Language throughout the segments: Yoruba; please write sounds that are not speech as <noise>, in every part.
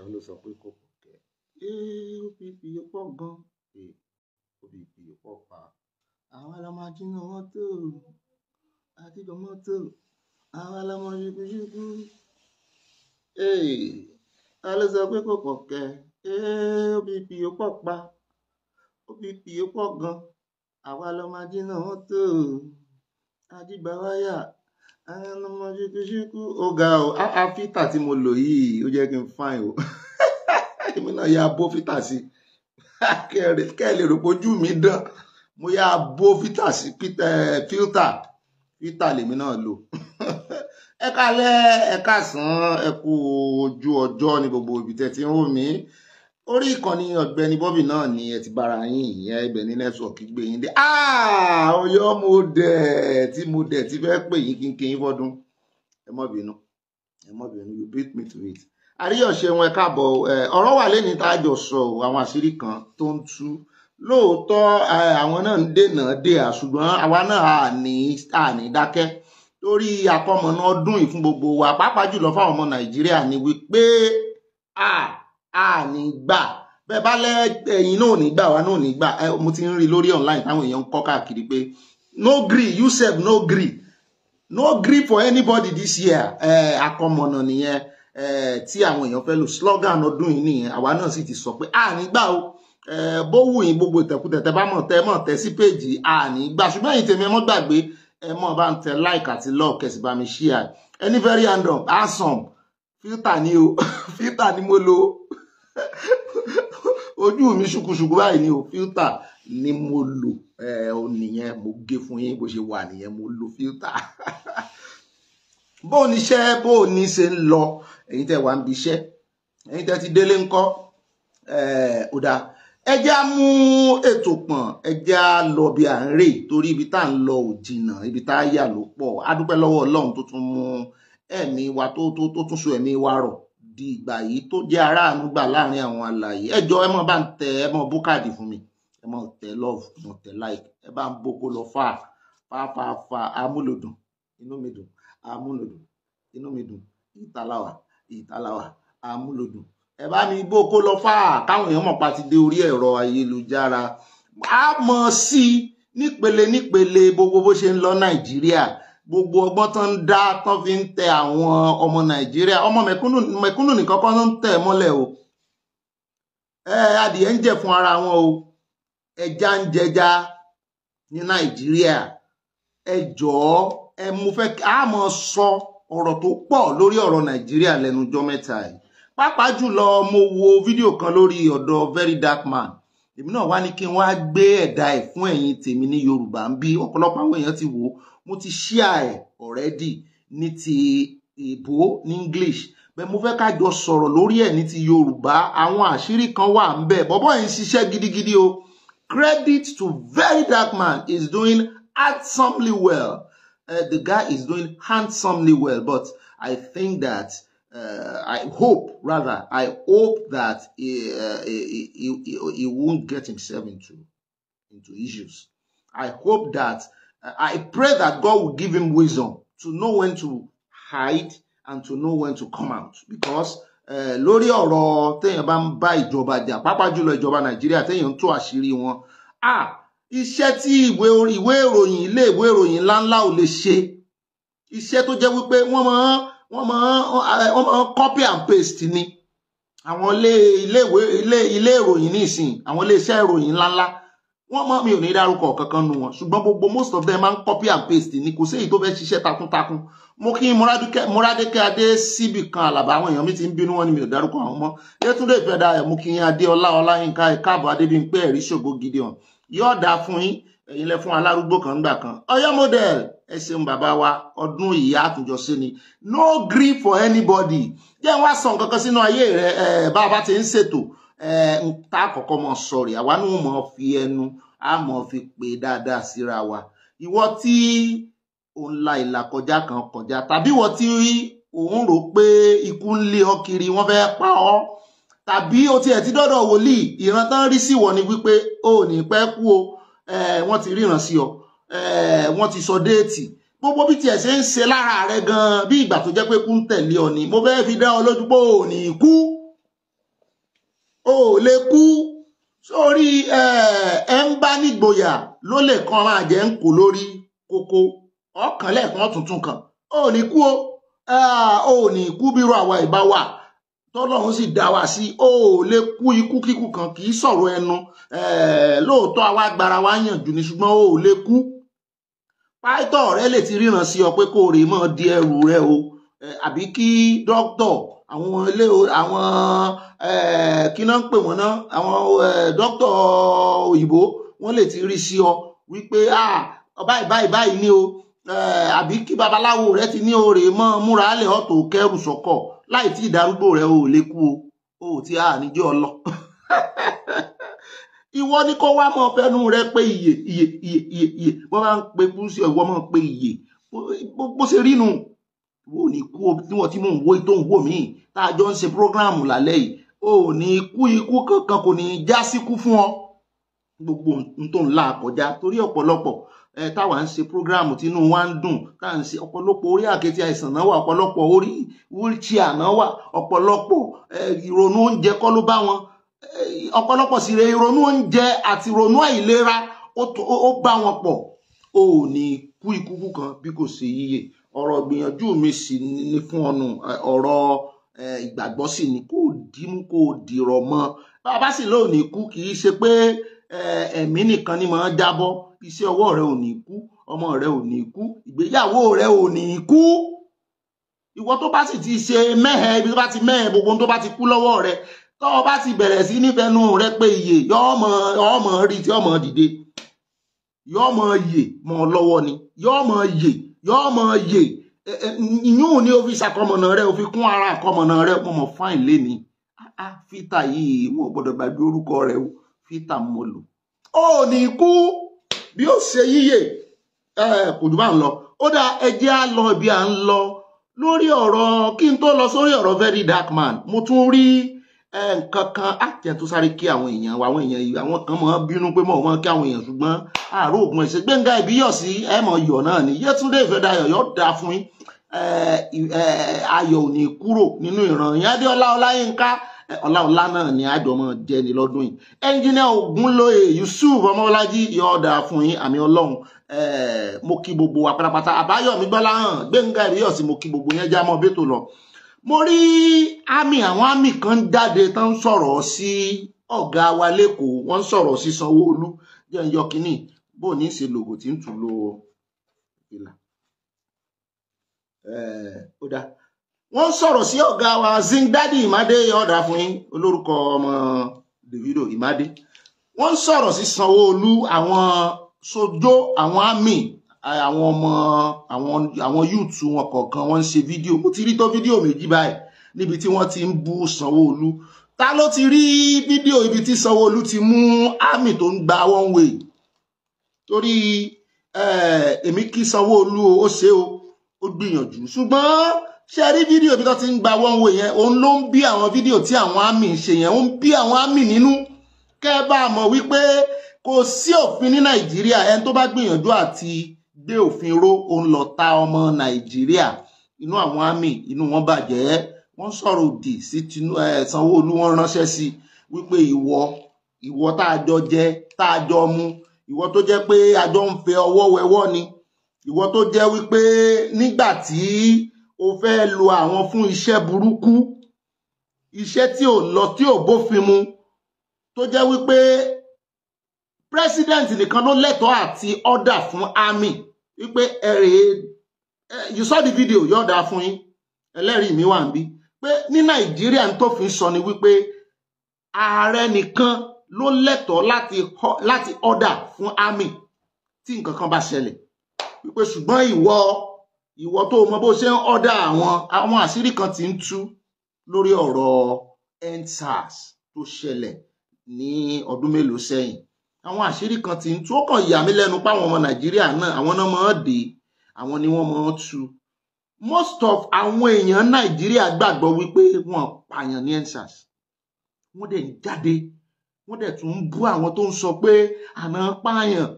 ṣàṣà ló sọ pé kò pọ̀ kẹ́ ẹ́ ó fi ìpìyè pọ̀ gan ẹ́ ó fi ìpìyè pọ̀ pa àwa la máa jiná mọ́tò àdìgbò mọ́tò àwa la máa yúkúyúkú ẹ́ ta ló sọ pé kò pọ̀ kẹ́ ẹ́ ó fi ìpìyè pọ̀ pa ó fi ìpìyè pọ̀ gan àwa la máa jiná mọ́tò àdìgbà wáyà ẹnumọ ṣíkúṣíkú ó ga o á fítà tí mo lò yìí ó jẹ́ kí n fáìn o <laughs> èmi náà yà bó fítà sí <laughs> kẹ́ ẹ lè rò pé ojú mi dán mo yà bó fítà sí fíltà fítà lèmi náà lò <laughs> ẹ kálẹ́ ẹ káàsán ẹ kú ojú ọjọ́ ní gbogbo ibi tẹ́ ti ń wò mí orí ìkànnì ọ̀gbẹ́ni Bobby náà ni ẹ ti bára yín ìyẹn ibẹ̀ ní nẹ́tíwọ̀kì gbé yín dé ọyọ́ ah, mo dẹ̀ tí mo dẹ̀ ti fẹ́ pè yín kínkín fọ́dún ẹ mọ́ bínú ẹ mọ́ bínú you beat me to it àríyànṣe wọn káàbọ̀ ọ̀rọ̀ wà lẹ́ni tá a jọ sọ àwọn àṣírí kan tó ń tú lóòótọ́ àwọn náà ń dènà dé à ṣùgbọ́n àwa náà à ní dákẹ́ torí àkọmọ̀nà ọdún yìí fún gbogbo wa pàápàá jùlọ fáwọn ọmọ Nàìjíríà ni wípé ah a ní gbà bẹ́ẹ̀ bá lẹ́ ẹ̀yin náà ní gbà wá náà ní gbà mo ti ń rí lórí online táwọn èèyàn ń kọ́ káàkiri pé no gree Yusef. no gree no gree for anybody this year Eh, akọmọ̀nà nìyẹn tí àwọn èèyàn fẹ́ lò slogan ọdún yìí nìyẹn àwa náà sì ti sọ pé a ní gbà o bó wù yín gbogbo ìtẹ̀kùtẹ̀ tẹ bá mọ̀ tẹ mọ̀ tẹ sí péjì a ní gbà ṣùgbọ́n ẹ̀yin tèmi ẹ mọ́ gbàgbé ẹ mọ́ bá ń tẹ like àti love kẹ̀sì bá mi share ẹni very hand up handsome filter ni o <laughs> filter ni mo lo <laughs> ojú mi ṣùkùṣùkù báyìí ni o fíltà ni mo lò ẹ ò nìyẹn mo gé fún yín bó ṣe wà nìyẹn mo lò fíltà <laughs> bó níṣẹ́ bó ní ṣe ń lọ èyí tẹ́ wà ń bi iṣẹ́ èyí tẹ́ ti délé ńkọ́ ó dáa ẹ jẹ́ á mú ètò pọ̀n ẹ jẹ́ á lọ bí à ń rè torí ibi tá à ń lọ ò jìnnà ibi tá a yà ló pọ̀ a dúpẹ́ lọ́wọ́ tó tún mú ẹ̀mí wa tó tún so ẹ̀mí wa rọ̀ di ìgbà yìí tó jẹ́ aráàánú gbà láàrin àwọn alàyè ẹjọ́ ẹ mọ̀ bá ń tẹ ẹ mọ̀ búkàdì fún mi ẹ mọ̀ tẹ love ẹ mọ̀ tẹ like ẹ bá ń boko lọ fà fàfàfà amúlòdùn inú mi dùn amúlòdùn inú mi dùn ìtàláwà ìtàláwà amúlòdùn ẹ bá mi boko lọ fà káwọn èèyàn mọ̀ pa ti dé orí ẹ̀rọ ayélujára a mọ̀ sí nípele nípele gbogbo bó ṣe ń lọ nàìjíríà gbogbo ọgbọ́n tó ń dá tó fi ń tẹ àwọn ọmọ nàìjíríà ọmọ mẹ̀kúnnù nìkan kọ́ ló ń tẹ̀ mọ́lẹ̀ o adìyẹ ń jẹ fún ara wọn o ẹja ń jẹja ní nàìjíríà ẹ jọ̀ọ́ ẹ mú fẹ́ a mọ̀ sọ ọ̀rọ̀ tó pọ̀ lórí ọ̀rọ̀ nàìjíríà lẹ́nujọ́ mẹ́ta yìí pàápàá jùlọ mo wo fídíò kan lórí ọ̀dọ̀ very dark man èmi náà wá ní kí n wá gbé ẹ̀dá ẹ̀ fún ẹ̀yin tèmi ní yorùbá ń bí ọ̀pọ̀lọpọ̀ àwọn èèyàn ti wò ó mo ti share ẹ̀ already ní ti ìbò ní English bẹ́ẹ̀ mo fẹ́ ká jọ sọ̀rọ̀ lórí ẹ̀ ní ti Yorùbá àwọn àṣírí kan wà ń bẹ̀ bọ́bọ́ yìí ń ṣiṣẹ́ gidigidi o credit to very dark man is doing handsomely well uh, the guy is doing handsomely well but I think that uh, I hope rather I hope that he, uh, he, he, he won't get himself into into issues I hope that I pray that God will give him wisdom to know when to hide and to know when to come out because eh, lórí ọ̀rọ̀ téèyàn bá ń bá ìjọba jà pàápàá jùlọ ìjọba Nàìjíríà téèyàn ń tú àṣírí wọn iṣẹ́ tí ìwé ìròyìn ilé ìwé ìròyìn ńláńlá ò lè ṣe iṣẹ́ tó jẹ́ wípé wọ́n máa wọ́n máa eh, wọ́n máa copy and paste ni àwọn ilé ìwé ilé ìròyìn nísìnyí àwọn ilé iṣẹ́ ìròyìn ńláńlá wọ́n mọ̀ mi ò ní dárúkọ kankan nu wọn ṣùgbọ́n gbogbo most of them máa ń copy and paste ni kò sí èyí tó fẹ́ ṣiṣẹ́ takuntakun mo kí Mọ́rádékẹ́ adé síbì kan àlàbà àwọn èèyàn mi ti ń bínú wọn ni mi ò dárúkọ àwọn mọ́ Yétúndé ìfẹ́dà ẹ̀ mo kí yín Adéọlá Ọláyínká ẹ̀káàbọ̀ Adébímpé ẹ̀rí ṣògo gidi hàn yóò dáa fún yín ẹ̀yin lẹ fún alárúgbó kan nígbà kan Ọ̀yọ́ model ẹ ṣeun bàbá wa ọdún ìyá àtúnjọ sí ni no grief for anybody jẹ́ wá sọ nǹkan kan sínú ayé rẹ bá a bá ti ń ṣètò tá àkọ́kọ́ mọ̀ sọ̀rì àwa náà mọ̀ fi ẹnu a mọ̀ fi pè dáadáa síra wa ìwọ tí òun la ìlà kọjá kan kọjá tàbí ìwọ tí òun rò pé ikú ń lé ọ kiri wọ́n fẹ́ pa ọ́ tàbí o tiẹ̀ ti dọ́dọ̀ wòlíì ìran tán rí sí ìwọ ni wípé o ò ní pẹ́ kú o wọ́n ti ríran sí ọ wọ́n ti sọ déètì gbogbo bí tiẹ̀ ṣe ń ṣe lára rẹ gan bí ìgbà tó jẹ́ pé kú ń tẹ̀lé ọ ni mo fẹ́ fi dá ọ lójú pé o ò ní kú o ò lè kú sórí ẹ ń bá nígboyà ló lè kan máa jẹ ń kò lórí kókó ọkàn lẹ́ẹ̀kan tuntun kan o ò ní kú o o ò ní kú bírò àwa ìbá wà tọ́lọ́run sì dá wa sí o ò lè kú ikú kíkú kan kì í sọ̀rọ̀ ẹnu lóòótọ́ àwa agbára wa yànjú ni ṣùgbọ́n o ò lè kú pàìtọ́ rẹ lè ti ríran sí ọ pé kó rè mọ́ di ẹrù rẹ o àbí kí dókítọ̀ àwọn ilé àwọn kí náà ń pè wọ́n náà àwọn dókítà òyìnbó wọ́n lè ti rí sí ọ wípé báyìí báyìí báyìí ni o àbí kí babaláwo rẹ ti ní oore mọ́ múra lẹ̀ ọ̀tò kẹrù sọ́kọ̀ láì tí ìdarúgbò rẹ ò lè kú o ò tí àníjọ́ ọlọ <laughs> ìwọ ní kó wá mọ fẹnu rẹ pé iye iye iye iye wọn máa ń pe púrúsì ọwọ máa ń pe iye bó ṣe rí nu wo ní kú níwọ̀n tí mò ń wo tó ń wò mí tá a jọ ń ṣe prógráàmù lálẹ́ yìí o ò ní kú ikú kankan kò ní í já síkú fún ọ gbogbo n tó ń la àkọjá torí ọ̀pọ̀lọpọ̀ ẹ táwa ń ṣe prógráàmù tínú wa ń dùn tá à ń ṣe ọ̀pọ̀lọpọ̀ orí àkẹ́tì àìsàn náà wà ọ̀pọ̀lọpọ̀ orí wheelchair náà wà ọ̀pọ̀lọpọ̀ ìrònú oúnjẹ kọ́ ló bá wọn ọ̀pọ̀lọpọ̀ sì rè ìrònú oúnjẹ àti ìrònú àìlera ó bá wọn pọ̀ o ò ní kú ikú kan bí kò ṣe yíyè ọ̀rọ̀ gbìyànjú mi sì ni fún ọnù ọ̀rọ̀ ìgbàgbọ́ sì ni kò dìmú kò dìrọ̀ mọ́ bàbá sì lónìí kú kì í ṣe pé ẹ̀mí nìkan ni màá jábọ́ iṣẹ́ ọwọ́ rẹ ò ní kú ọmọ rẹ ò ní kú ìgbéyàwó rẹ ò ní kú ìwọ tó bá sì ti ṣe mẹ́hẹ̀ ibi tó bá ti mẹ́hẹ̀ gbogbo tó bá ti kú lọ́wọ́ rẹ tó bá ti bẹ̀rẹ̀ sí nífẹ̀ẹ́nu rẹ pé iye yọ́ọ̀mọ̀ rí tí ọmọ dìde yọ́ọ̀mọ̀ yè mọ́ lọ́wọ́ ni yọ́ọ̀mọ̀ yè yóò mọ yè ìyún ni o fi ṣàkọmọ̀nà rẹ o fi kún ara àkọmọ̀nà rẹ mo mọ̀ fáìn léni fítà yìí wọn ò gbọdọ̀ gbàgbé orúkọ rẹ o fítà mo lò ó ní kú bí ó ṣe yíyè kò jù bá ń lọ ó dá ẹjẹ́ á lọ ibi à ń lọ lórí ọ̀rọ̀ kí n tó lọ sórí ọ̀rọ̀ very dark man mo tún rí nǹkan kan àtẹ̀túsáré kí àwọn èèyàn àwọn èèyàn yìí àwọn kan máa bínú pé mọ̀ wọ́n kí àwọn èèyàn ṣùgbọ́n àárò ògùn ẹ̀ṣẹ̀ Gbẹ́ngà Ìbíyọ̀sí ẹ̀ mọ̀ yọ̀ náà ni Yétúndé Ìfẹ́dayọ̀ yọ̀ dá fún yín ayọ̀ ò ní kúrò nínú ìran yín Adéọlá Ọláyínká ọláọlá náà ni àjọmọ jẹni lọ́dún yìí ẹnjìnìà Ògúnlóye Yusuf Ọmọbọ́lájí yọọda fún yín àmì Ọlọ́run mo kí gbogbo wa pátápátá Àbáyọ̀mí Gbọ́láhàn Gbẹ́ngà Ìbíyọ̀sí mo kí gbogbo yẹn já mọ bẹtò lọ mo rí àmì àwọn àmì kan jáde tó ń sọ̀rọ̀ sí ọ̀gá wa lẹ́kọ̀ọ́ wọ́n ń sọ̀rọ̀ sí Sanwó-Olú jẹ́ ń yọ kínní bó ní ṣe lògò tí ń tún lo ìlà ó dá wọ́n sọ̀rọ̀ sí ọ̀gá wa Zindadi Imade ọ̀dà fún yín olórúkọ ọmọ Davido Imade wọ́n sọ̀rọ̀ sí Sanwó-Olú àwọn sojó àwọn àmì àwọn ọmọ àwọn àwọn yúùtù wọn kọ̀ọ̀kan wọ́n ń ṣe fídíò mo ti rí tó fídíò méjì báyìí níbi tí wọ́n ti ń bú Sanwó-Olú ta ló ti rí fídíò ibi tí sanwó ti mú àmì tó ń gba one way torí èmi kí Sanwó-Olú ó ṣe o ó gbìyànjú ṣùgbọ́n ṣe rí fídíò ibi tó ti ń gba one way yẹn òun ló ń bí àwọn fídíò tí àwọn àmì ń ṣe yẹn ó ń bí àwọn àmì nínú kẹ́ bá mọ̀ wípé kò sí òfin ní Nàìjíríà ẹni tó bá gbìyànjú àti gbé òfin ró òun lọ ta ọmọ nàìjíríà inú àwọn àmì inú wọn bàjẹ́ wọ́n sọ̀rọ̀ òdì sí sanwó-olú wọn ránṣẹ́ sí wípé ìwọ ìwọ tá a jọ jẹ tá a jọ mu ìwọ tó jẹ́ pé a jọ ń fẹ́ ọwọ́ wẹwọ́ ni ìwọ tó jẹ́ wípé nígbà tí o fẹ́ lo àwọn fún iṣẹ́ burúkú iṣẹ́ tí ò lọ tí ò bófin mu tó jẹ́ wípé president nìkan ló lẹ́tọ̀ọ́ àti order fún army wípé ẹ̀rẹ̀ you saw the video yọ̀ọ̀dà fún yín ẹlẹ́rìí mi wà ń bí pé ní nàìjíríà ń tófin sọ ni wípé ààrẹ nìkan ló lẹ́tọ̀ọ́ láti ọ̀dà fún army tí nǹkan kan bá ṣẹlẹ̀ wípé ṣùgbọ́n ìwọ ìwọ tó mọ bó ṣe ń ọ̀dà àwọn àwọn àṣírí kan ti ń tú lórí ọ̀rọ̀ endsars tó ṣẹlẹ̀ ní ọdún mélòó sẹ́yìn àwọn àṣírí kan ti ń tú ó kàn yà mí lẹ́nu páwọn ọmọ nàìjíríà náà àwọn náà mọ̀ ọ́ dé àwọn ni wọ́n mọ̀ ọ́ most of àwọn èèyàn nàìjíríà gbàgbọ́ wípé wọ́n pààyàn ní ensars wọ́n dẹ̀ ń jáde wọ́n dẹ̀ tún ń bú àwọn tó ń sọ pé àná pààyàn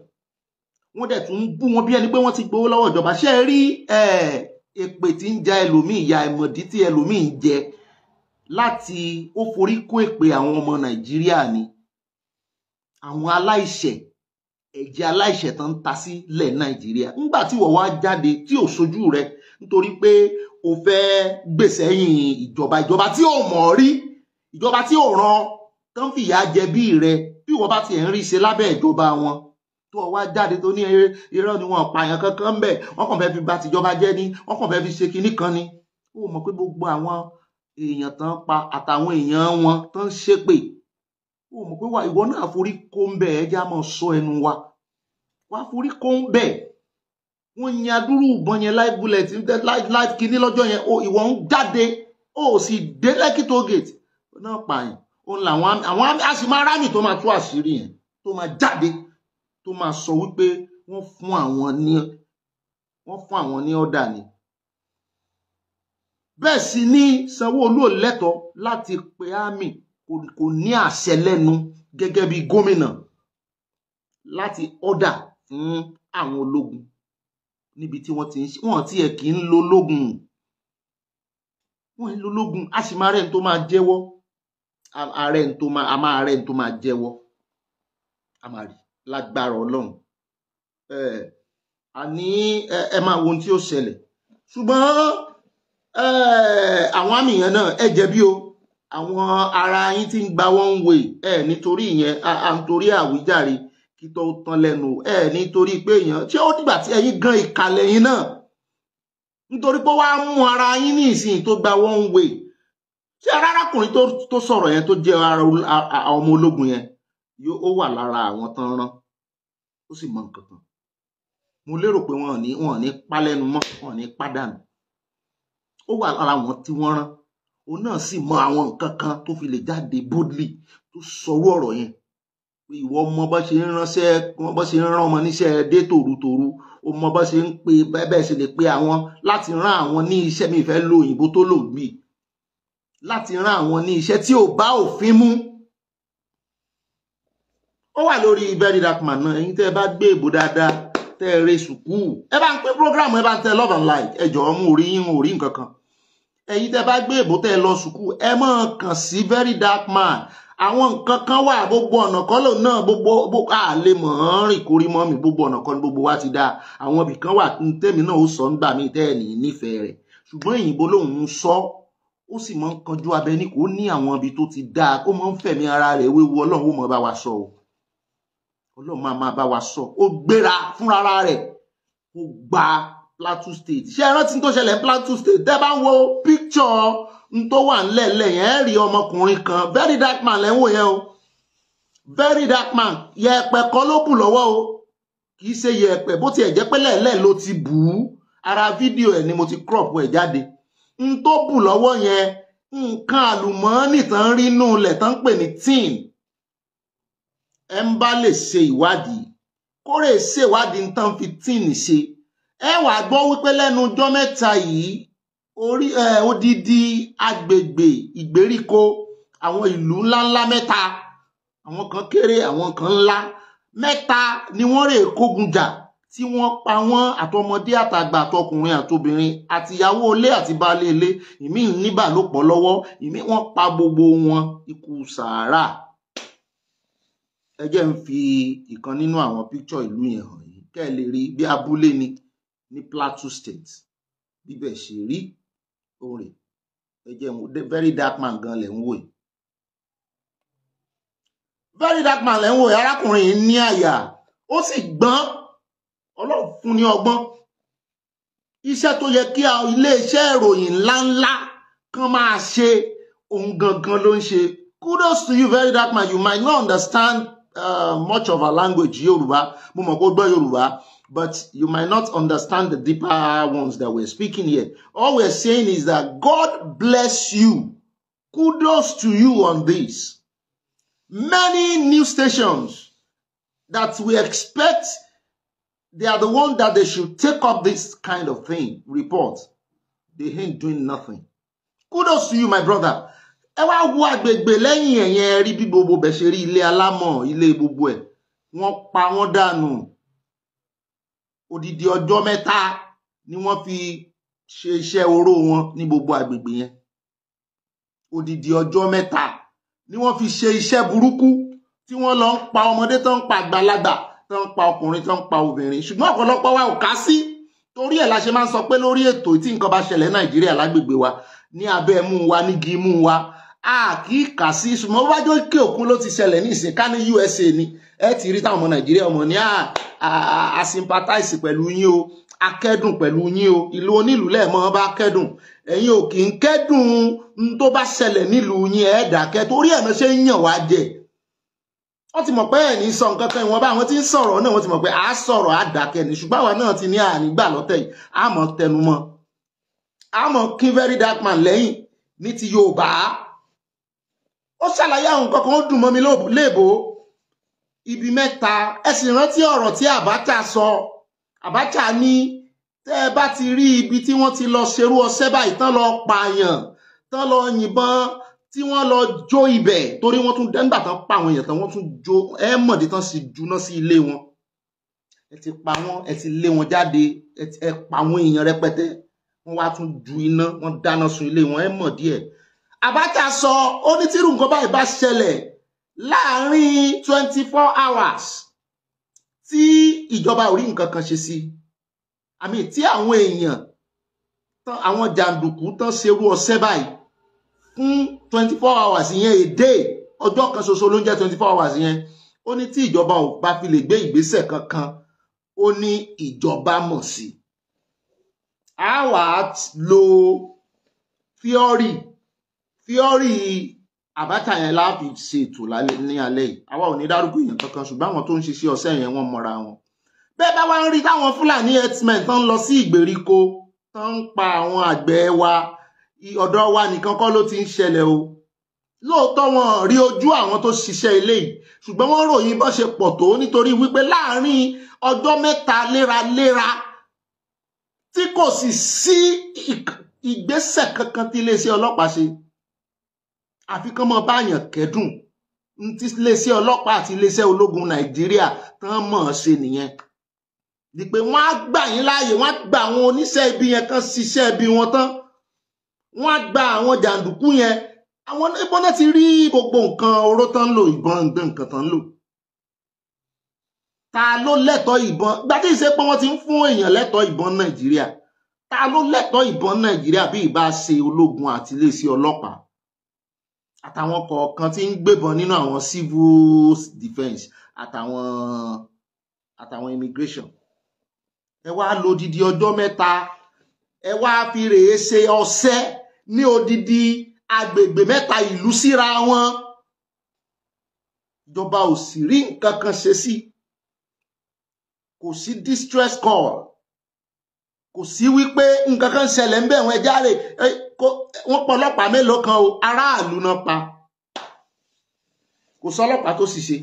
wọ́n dẹ̀ tún ń bú wọn bí ẹni pé wọ́n ti gbowó lọ́wọ́ ìjọba ṣé ẹ rí èpè tí ń ja ẹlòmíì ya ẹ̀mọ̀dí tí ẹlòmíì ń jẹ láti ó forí kó èpè àwọn ọmọ nàìjíríà ni àwọn aláìṣẹ̀ ẹ̀jẹ̀ aláìṣẹ̀ tó ń ta sílẹ̀ nàìjíríà ńgbà tí wọ́n wá jáde tí ò sojú rẹ nítorí pé o fẹ́ gbèsè yìn ìjọba ìjọba tí ò mọ̀ rí ìjọba tí ò ràn tó ń fìyà jẹ bí rẹ bí wọ́n bá ti ń rí ṣe lábẹ́ ìjọba wọn tó o wá jáde tó ní irọ́ ni wọn pààyàn kankan bẹ́ẹ̀ wọ́n kàn fẹ́ fi ba tìjọba jẹ́ ni wọ́n kàn fẹ́ fi ṣe kinní kan ni ó mọ̀ pé gbogbo àwọn èèyàn tán pa àtàwọn èèyàn wọn tán ṣépè O mọ̀ pé wà ìwọ náà forí kó ń bẹ̀ ẹ já sọ ẹnu wa wà forí kó ń bẹ̀ wọ́n yin adúrú ìbọn yẹn live bullet live kinní lọ́jọ́ yẹn o ìwọ ń jáde ó sì dé lẹ́kì tó gate náà pààyàn ó ń la àwọn àṣìmáráàmì tó máa tú àṣírí yẹn tó máa jáde tó máa sọ wípé wọ́n fún àwọn ní wọ́n fún àwọn ní ọ̀dà ni bẹ́ẹ̀ sì ni Sanwó-Olú ò lẹ́tọ̀ọ́ láti pe àmì kò ní àṣẹ lẹ́nu gẹ́gẹ́ bí gómìnà láti ọ́dà fún àwọn ológun níbi tí wọ́n ti ń ṣe wọ́n tiẹ̀ kì í lo ológun wọ́n ń lo ológun a sì máa rẹ̀ tó máa jẹ́wọ́ ààrẹ tó máa a máa rẹ̀ tó máa jẹ́wọ́ a máa rí lágbára ọlọ́run àní ẹ máa wo ohun tí ó ṣẹlẹ̀ ṣùgbọ́n àwọn àmì yẹn náà ẹ jẹ̀bi o àwọn ara yín ti ń gba one way ẹ nítorí ìyẹn à ń torí àwíjàre kí tó tán lẹ́nu ẹ nítorí pé èèyàn ṣé ó dìgbà tí ẹ̀yin gan ìkàlẹ̀ yín náà nítorí pé wàá mú ara yín ní ìsìn tó gba one way ṣé arákùnrin tó sọ̀rọ̀ yẹn tó jẹ́ ọmọ ológun yẹn ó wà lára àwọn tán rán ó sì mọ nǹkan kan mo lérò pé wọn ò ní wọn ò ní pa lẹ́nu wọn ò ní pa ó wà lára àwọn tí wọ́n rán òun náà sì mọ àwọn nǹkan kan tó fi lè jáde boldly tó sọrú ọ̀rọ̀ yẹn pé ìwọ mọ bá ṣe ń ránṣẹ́ bá ṣe ń rán ọmọ níṣẹ́ dé tòrutòru o mọ bá ṣe ń pe bẹ́ẹ̀ ṣe lè pe àwọn láti rán àwọn ní iṣẹ́ mi ìfẹ́ lo òyìnbó tó lò gbì láti rán àwọn ní iṣẹ́ tí ò bá òfin mú ó wà lórí very dark man náà ẹ̀yin tẹ́ ẹ bá gbé èbò dáadáa tẹ́ ẹ rè sùkúù ẹ bá ń pe program ẹ bá ń tẹ love and light ẹ jọ̀ọ́ mú orí yín orí nǹkan kan ẹ̀yin tẹ́ bá gbé èbó tẹ́ lọ sùkúù ẹ máa kàn sí very dark man àwọn nǹkan kan wà gbogbo ọ̀nà kan lòun náà gbogbo àlè mọ̀ ọ́n rìn kórí mọ́ mi gbogbo ọ̀nà kan gbogbo wa ti dá àwọn ibì kan wà tẹ́mi náà ó sọ ń gbà mí tẹ́ ẹ̀ nìyí nífẹ̀ẹ́ rẹ̀ ṣùgbọ́n ìyìnbó lòun ń sọ ó sì máa ń kanjú abẹ ní kò ní àwọn ibi tó ti dáa kó máa ń fẹ̀mí ara rẹ̀ wéwu ọlọ́run ó máa bá wa sọ o ọlọ́run máa máa bá wa sọ ó gbéra fúnra rẹ̀ ó gba Plateau State ṣé ẹ rántí tó ṣẹlẹ̀ Plateau State tẹ́ bá ń wo picture n tó wà ńlẹ̀lẹ̀ yẹn ẹ rí ọmọkùnrin kan very dark man lẹ́ ń wò yẹn o very dark man yẹ̀pẹ̀ kọ́ ló bù lọ́wọ́ o kì í ṣe yẹ̀pẹ̀ bó tiẹ̀ jẹ́ pé lẹ́ẹ̀lẹ́ ló ti bù ú ara fídíò ẹ̀ ni mo ti crop ẹ̀ jáde n tó bù lọ́wọ́ yẹn nǹkan àlùmọ́ọ́nì tán rí nù lẹ̀ tán ń pè ní tin ẹ ń bá lè ṣe ìwádìí kórè ṣèwádìí tán fi tin ṣe ẹ wàá gbọ́ wípé lẹ́nu ọjọ́ mẹ́ta yìí orí odidi agbègbè ìgbèríko àwọn ìlú ńláńlá mẹ́ta àwọn kan kéré àwọn kan ńlá mẹ́ta ni wọ́n rè kógun jà tí wọ́n pa wọ́n àtọmọdé àtàgbà àtọkùnrin àtobìnrin àtìyàwó ilé àti baálé ilé ìmí níbà ló pọ̀ lọ́wọ́ ìmí wọ́n pa gbogbo wọn ikú sàárà ẹ jẹ́ ń fi ìkan nínú àwọn píkṣọ̀ ìlú yẹn hàn yín kẹ́ ẹ lè rí bí abúlé ni ní Plateau State bíbẹ̀ ṣe rí òrè ẹ jẹ́ wo very dark man gan lẹ̀ ń wò yìí very dark man lẹ̀ ń wò yìí arákùnrin yìí ní àyà ó sì gbọ́n ọlọ́run fún ní ọgbọ́n iṣẹ́ tó yẹ kí iléeṣẹ́ ìròyìn ńláńlá kan máa ṣe òun gangan ló ń ṣe kudos to you very dark man you might not understand uh, much of our language Yorùbá mo mọ̀ kó gbọ́ Yorùbá but you might not understand the deeper ones that we're speaking here. All we're saying is that God bless you. Kudos to you on this. Many new stations that we expect, they are the ones that they should take up this kind of thing, report. They ain't doing nothing. Kudos to you, my brother. wá lẹ́yìn bí gbogbo bẹ̀ ṣe rí ilé alámọ̀ ilé gbogbo ẹ̀ wọ́n pa wọ́n dànù odidi ọjọ́ mẹ́ta ni wọ́n fi ṣe iṣẹ́ oró wọn ní gbogbo agbègbè yẹn odidi ọjọ́ mẹ́ta ni wọ́n fi ṣe iṣẹ́ burúkú tí wọ́n lọ ń pa ọmọdé tó ń pa àgbàlagbà tó ń pa ọkùnrin tó ń pa obìnrin ṣùgbọ́n ọ̀pọ̀lọpọ̀ wa ò ká sí torí ẹ̀ la ṣe máa ń sọ pé lórí ètò tí nǹkan bá ṣẹlẹ̀ nàìjíríà lágbègbè wa ní abẹ́ mú wa nígi mú wa a kì í kà sí ṣùgbọ́n wájú òkè òkun ló ti ṣẹlẹ̀ ní ìsìn ká ní USA ni ẹ ti rí táwọn ọmọ nàìjíríà ọmọ ní a sympathize pẹ̀lú yín o a kẹ́dùn pẹ̀lú yín o ìlú onílùú lẹ́ẹ̀mọ́ bá kẹ́dùn ẹ̀yin ò kì í kẹ́dùn n tó bá ṣẹlẹ̀ nílùú yín ẹ̀ dákẹ́ torí ẹ̀ ṣe ń yàn wá jẹ wọ́n ti mọ̀ pé ẹ̀ sọ nǹkan kan ìwọ̀nba àwọn tí ń sọ̀rọ̀ náà wọ́n ti mọ̀ pé à á sọ̀rọ̀ á dákẹ́ ni ṣùgbọ́n àwa náà ti ní ànígbà lọ́tẹ̀ yìí a mọ̀ tẹnu mọ́ a mọ̀ kí very dark man lẹ́yìn ní ti Yorùbá ó ṣàlàyé àwọn nǹkan kan ó dùn mọ́ mi léèbó ibi mẹ́ta ẹ sì rántí ọ̀rọ̀ tí Abacha sọ Abacha ní tẹ́ ẹ bá ti rí ibi tí wọ́n ti lọ ṣerú ọṣẹ́ báyìí tán lọ pààyàn tán lọ yìnbọn tí wọ́n lọ jó ibẹ̀ torí wọ́n tún dẹ́ńgbà tán pa àwọn èèyàn tán wọ́n tún jó ẹ mọ̀dé tán sì juná sí ilé wọn ẹ ti pa wọn ẹ ti lé wọn jáde ẹ pa àwọn èèyàn rẹpẹtẹ wọ́n wá tún ju iná wọ́n dáná sun ilé wọn ẹ mọ̀ díẹ̀ Abacha sọ ó ní tírú nǹkan báyìí bá ṣẹlẹ̀ láàárín twenty four hours tí ìjọba ò rí nǹkan kan ṣe sí àmì tí àwọn èèyàn tán àwọn jàǹdùkú tán ṣerú ọṣẹ́ báyìí fún twenty four hours yẹn èdè ọjọ́ kan ṣoṣo ló ń jẹ́ twenty four hours yẹn ó ní tí ìjọba ò bá fi lè gbé ìgbésẹ̀ kankan ó ní ìjọba mọ̀ sí a wàá lo theory theory àbáta yẹn láàfi ṣe ètò ní alẹ́ yìí àwa ò ní dárúkọ èèyàn kankan ṣùgbọ́n àwọn tó ń ṣiṣẹ́ ọ̀sẹ̀ yẹn wọ́n mọra wọn. bẹ́ẹ̀ bá wá ń rí táwọn fúlàní herdsmen tán ń lọ sí ìgbèríko tán ń pa àwọn àgbẹ̀ wa ọ̀dọ̀ wa nìkan kọ́ ló ti ń ṣẹlẹ̀ o. lóòótọ́ wọn rí ojú àwọn tó ṣiṣẹ́ ilé yìí ṣùgbọ́n wọ́n ròyìn bó ṣe pọ̀ tó nítorí wípé láàárín ọjọ́ mẹ́ta léraléra tí kò sì sí ìgbésẹ̀ kankan tí iléeṣẹ́ ọlọ́pàá ṣe àfi kán mọ báyàn kẹ́dùn ti iléeṣẹ́ ọlọ́pàá àti iléeṣẹ́ ológun nàìjíríà tán mọ̀ ọ́n ṣe nìyẹn di pé wọ́n á gbà yín láàyè wọ́n á gba àwọn oníṣẹ́ ibi yẹn kan ṣiṣẹ́ ibi wọn tán wọ́n á gba àwọn jàǹdùkú yẹn àwọn ìbọn náà ti rí gbogbo nǹkan oró tán ń lò ìbọn nǹkan tán ń lò ta ló lẹ́tọ̀ọ́ ìbọn gbadé ìṣe pé wọ́n ti ń fún èèyàn lẹ́tọ̀ọ́ ìbọn nàìjíríà ta ló lẹ́tọ̀ọ́ ìbọn nàìjíríà bí ìbá ṣe ológun àti iléeṣẹ́ ọlọ́pàá àtàwọn kọ̀ọ̀kan tí ń gbébọn nínú àwọn civil defence àtàwọn àtàwọn immigration ẹ wá lo odidi ọjọ́ mẹ́ta ẹ wá fi rèé ṣe ọṣẹ́ ní odidi agbègbè mẹ́ta ìlú síra wọn ìjọba ò sì rí nǹkan kan ṣe sí kò sí distress call kò sí wípé nǹkan kan ṣẹlẹ̀ ń bẹ̀ wọ́n ẹ járe. Eh, wọ́n pọ̀ ọlọ́pàá mélòó kan o aráàlú náà pa kò sọ ọlọ́pàá tó sì ṣe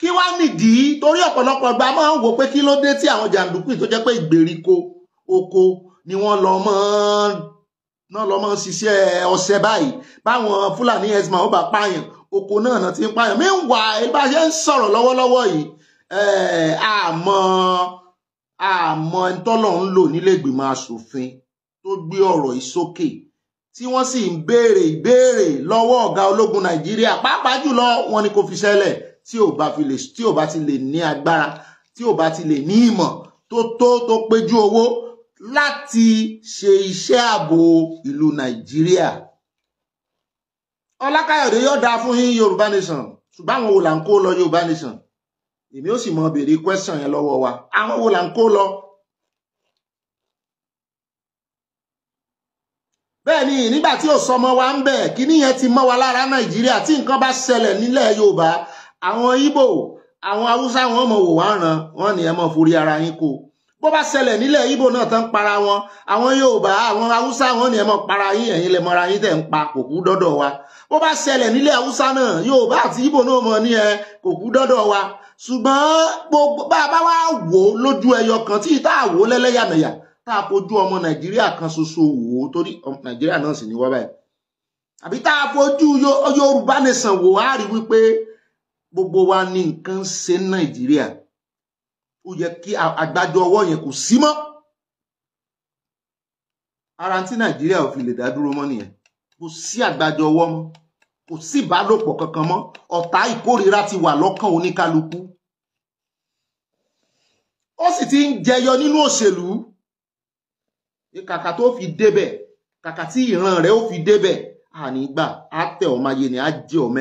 kí wá nìdí torí ọ̀pọ̀lọpọ̀ ọgbà máa ń wò pé kí ló dé tí àwọn jàǹdùkú tó jẹ́ pé ìgbèríko oko ni wọ́n lọ mọ́ náà lọ mọ́ ṣiṣẹ́ ọṣẹ báyìí báwọn fúlàní ẹ̀sìn máa ń bá pààyàn oko náà náà ti ń pààyàn meanwhile bá a ṣe ń sọ̀rọ̀ lọ́wọ́lọ́wọ́ yìí àmọ́ àmọ́ ntọ́lọ̀ ń lò nílé ìgbìmọ̀ asòfin tó gbé ọ̀rọ̀ yìí sókè tí wọ́n sì ń béèrè ìbéèrè lọ́wọ́ ọ̀gá ológun nàìjíríà pàápàá jùlọ wọn ni kò fi ṣẹlẹ̀ tí ò bá fi lè tí ò bá ti lè ní agbára tí ò bá ti lè ní ìmọ̀ tó tó tó péjú owó láti ṣe iṣẹ́ ààbò ìlú nàìjíríà ọlákáyọ̀dé yóò dáa fún yín yorùbá nation ṣùgbọ́n àwọn wo là ń kó lọ yorùbá nation èmi ó sì mọ béèrè question yẹn lọ́wọ́ wa àwọn wo là ń kó lọ. bẹ́ẹ̀ ni nígbà tí ò sọmọ wa ń bẹ̀ kíní yẹn ti mọ́ wa lára nàìjíríà tí nǹkan bá ṣẹlẹ̀ nílẹ̀ yorùbá àwọn ibo àwọn haúsá wọn mọ̀ wò wá ràn wọ́n ní ẹ mọ̀ forí ara yín kó bó bá ṣẹlẹ̀ nílẹ̀ ibo náà tán para wọn àwọn yorùbá àwọn haúsá wọn ní ẹ mọ̀ para yín ẹ̀yin lẹ mọ́ra yín tẹ̀ ń pa kò kú dọ́dọ̀ wa bó bá ṣẹlẹ̀ nílẹ̀ haúsá náà yorùbá àti ibo náà mọ̀ ní ẹ kò kú dọ́dọ̀ wa ṣùgbọ́n gbogbo bá a bá wá wò ó lójú ẹyọ kan tí tá a wò ó lẹ́lẹ́yàmẹ̀yà tá a fojú ọmọ nàìjíríà kan ṣoṣo wò ó torí nàìjíríà náà sì ní wọ́n báyìí àbí tá a fojú yorùbá nìsàn wò á rí wípé gbogbo wa ní nǹkan ṣe nàìjíríà ó yẹ kí àgbájọ ọwọ́ yẹn kò sí mọ́ ara tí nàìjíríà ò fi lè dá dúró mọ́ nìyẹn kò sí àgbájọ ọwọ́ mọ́ kò sí ìbálòpọ̀ kankan mọ́ ọ̀tá ìkórira ti wà lọ́kàn oníkálukú ó sì ti ń jẹyọ nínú òṣèlú kàkà tó fi débẹ̀ kàkà tí ìran rẹ̀ ó fi débẹ̀ ànígbà á tẹ̀ ọmọ ayé ni á jẹ ọmọ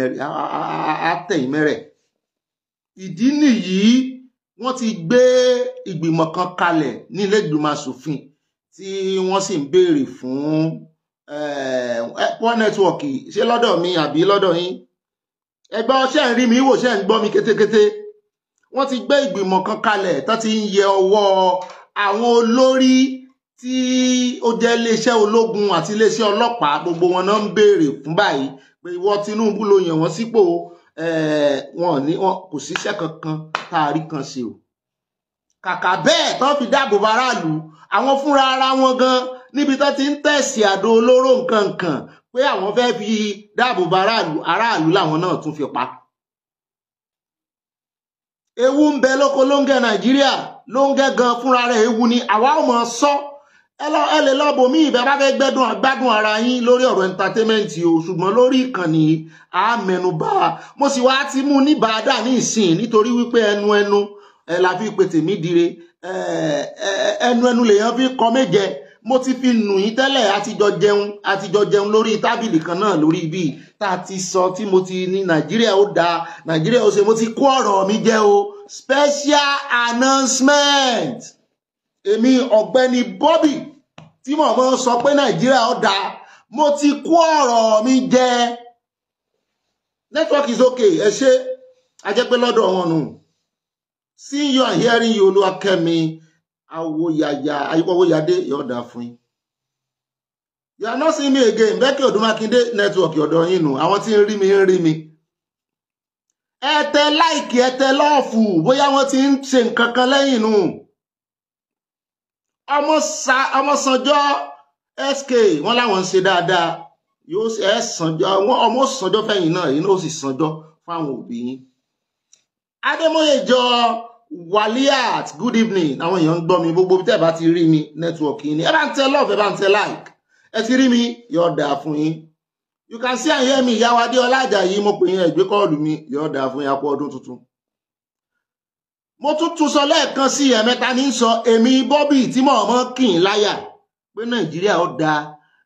á tẹ̀ ìmẹ́rẹ̀ ìdí nìyí wọ́n ti gbé ìgbìmọ̀ kan kalẹ̀ nílé ìgbìmọ̀ asòfin tí wọ́n sì ń béèrè fún Eh, one Network ṣé lọ́dọ̀ mi àbí lọ́dọ̀ yín ẹgbẹ́ ọṣẹ́ ń rí mi wò ṣe ń gbọ́ mi kétékété wọ́n ti gbé ìgbìmọ̀ kan kalẹ̀ tó ti ń yẹ ọwọ́ àwọn olórí tí ó jẹ́ iléeṣẹ́ ológun àti iléeṣẹ́ ọlọ́pàá gbogbo wọn náà ń béèrè fún báyìí pé ìwọ Tinubu ló yàn wọ́n sípò eh, wọn ní wọn kò síṣẹ́ kankan tá a rí kan ṣe o kàkà bẹ́ẹ̀ tó fi dáàbò bo aráàlú àwọn fúnra ara wọn gan-an níbi tó ti ń tẹ̀sí àdó olóró nǹkan nǹkan pé àwọn fẹ́ fi dáàbò bo aráàlú aráàlú làwọn náà tún fi pa. ewu ń bẹ lóko lóńgẹ nàìjíríà lóńgẹ gan fúnra rẹ̀ ewu ni àwa ò mọ̀ sọ ẹ lè lọ́bọ̀ mí ìbẹ́ bá fẹ́ gbẹ́dùn àgbádùn ara yín lórí ọ̀rọ̀ entertainment o ṣùgbọ́n lórí ìkànnì àmẹnubà mo sì wá ti mú níbàdà ní ìsìn nítorí wípé ẹnu ẹnu ẹ la fi pètè mí dire ẹnu ẹnu lèèyàn fi kọ méje mo ti fi nù yín tẹ́lẹ̀ àtijọ́ jẹun àtijọ́ jẹun lórí tábìlì kan náà lórí bíi tá a ti sọ tí mo ti ní nàìjíríà ó dáa nàìjíríà ó ṣe mo ti kó ọ̀rọ̀ mi jẹ́ o special announcement èmi ọ̀gbẹ́ni Bobby tí mo mọ̀ sọ pé nàìjíríà ó dáa mo ti kó ọ̀rọ̀ mi jẹ́ network is okay ẹ ṣe ajẹ́pẹ́ lọ́dọ̀ wọn nù see you and hearing you Olúwakẹ́mi awoyaya ayíkọ́wóyadé yóò dáa fún yín you are not seeing me again Becky Odumakinde network ọ̀dọ̀ yín nù àwọn tí ń rí mi ń rí mi ẹ tẹ láìkì ẹ tẹ lọ́ọ̀fù bóyá wọ́n ti ń ṣe nǹkan kan lẹ́yìn nù ọmọsànjọ́ sk wọ́n láwọn ń ṣe dáadáa yóò ẹ sànjọ́ ọmọ sànjọ́ fẹ̀yìn náà yìí náà ó sì sànjọ́ fáwọn òbí yín Adémọ́yè jọ Waliat good evening àwọn èèyàn ń gbọ́ mi gbogbo bí tẹ́ bá ti rí mi nẹ́tíwọ̀kì ni ẹ bá ń tẹ love ẹ bá ń tẹ like ẹ ti rí mi yóò dáa fún yín you can see and hear me ìyá wa dé ọlájà yìí mo pè yín ẹgbẹ́ kọ́ọ̀lù mi yóò dáa fún yín a kú ọdún tuntun. mo tún tún sọ lẹ́ẹ̀kan sí ẹ̀mẹ́ta ní sọ èmi Bobby tí mò ń mọ́ kì í láyà pé Nàìjíríà ó dáa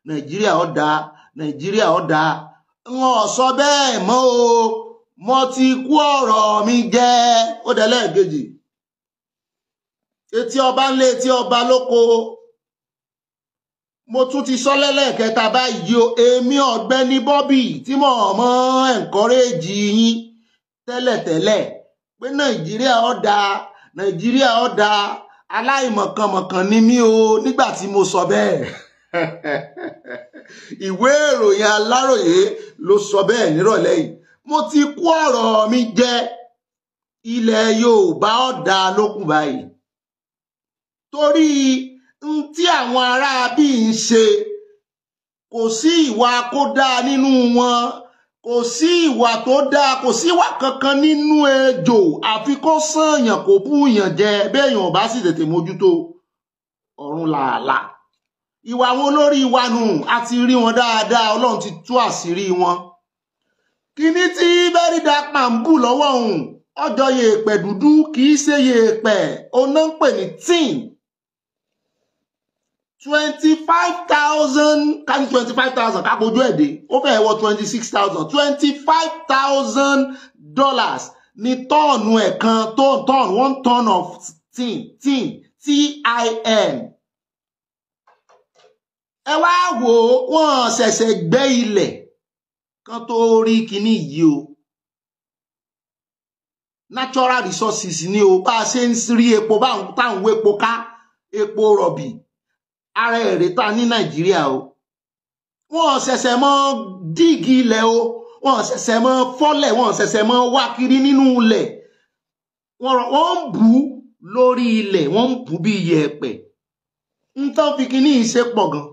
Nàìjíríà ó dáa Nàìjíríà ó dáa wọn ò sọ bẹ́ẹ̀ mọ́ o mo ti kú ọ̀rọ̀ mi jẹ́ ó dẹ̀ lẹ́ẹ̀kejì etí ọba ńlé etí ọba lóko mo tún ti sọ lẹ́lẹ́kẹta báyìí o èmi ọ̀gbẹ́ni Bobby tí mo mọ́ ẹ̀ńkọ́rẹ́jì yín tẹ́lẹ̀tẹ́lẹ̀ pé nàìjíríà ó dáa nàìjíríà ó dáa aláìmọ̀kànmọ̀kàn ni mí o nígbà tí mo sọ bẹ́ẹ̀ <laughs> ìwé ìròyìn aláròyé ló sọ bẹ́ẹ̀ nírọ̀lẹ́ yìí mo ti kó ọ̀rọ̀ mi jẹ ilẹ̀ yorùbá ó dáa lókùn báyìí torí n tí àwọn ará bí ń ṣe kò sí ìwà kó dáa nínú wọn kò sí ìwà tó dáa kò sí ìwà kankan nínú ejò àfi kó sànyàn kó búyàn jẹ béèyàn ò bá sì tètè mójútó ọ̀run làálàá ìwà àwọn olórí wa nù àti rí wọn dáadáa ọlọ́run ti tú àṣírí wọn kíní tí bẹ́rídà pàǹbù lọ́wọ́ òun ọjọ́ yèèpẹ̀ dúdú kì í ṣe yèèpẹ̀ oná ń pè ní tíìn twenty five thousand kájú twenty five thousand kápojú ẹ̀dẹ̀ ó fẹ́ wọ twenty six thousand twenty five thousand dollars tọ́ọ̀nù ẹ̀ kan tọ́ọ̀nù one ton of tin tin tin ẹ wá wò ó wọ́n ṣẹ̀ṣẹ̀ gbẹ́ ilẹ̀ kan tó rí kinní yìí o natural resources ni o bá a ṣe ń rí epo báwọn táwọn epo ká epo rọ̀bì ara èrè tá ní nàìjíríà o wọn ṣẹ̀ṣẹ̀ mọ́ díìgì ilẹ̀ o wọn ṣẹ̀ṣẹ̀ mọ́ fọ́lẹ̀ wọ́n ṣẹ̀ṣẹ̀ mọ́ wá kiri nínú ilẹ̀ wọn ń bù lórí ilẹ̀ wọn ń bù bí yẹ̀pẹ̀ ń tán fi kíní gan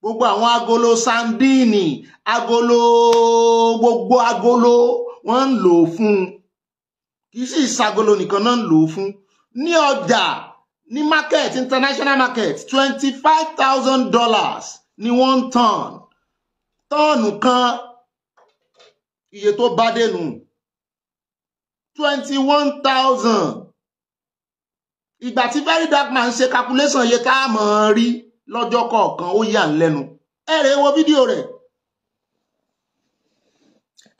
gbogbo àwọn agolo sandini agolo gbogbo agolo wọn ń lò ó fún un kì í sì ṣagolo nìkan náà ń lò ó fún ní ọjà ní market international market twenty five thousand dollars ní one ton tọ́ọ̀nù kan iye tó bá dénú twenty one thousand ìgbà tí very dark man ṣe calculation iye tá a mọ̀ ọ́n rí lọ́jọ́ kọ̀ọ̀kan ó yà ń lẹ́nu ẹ rèé wo fídíò rẹ̀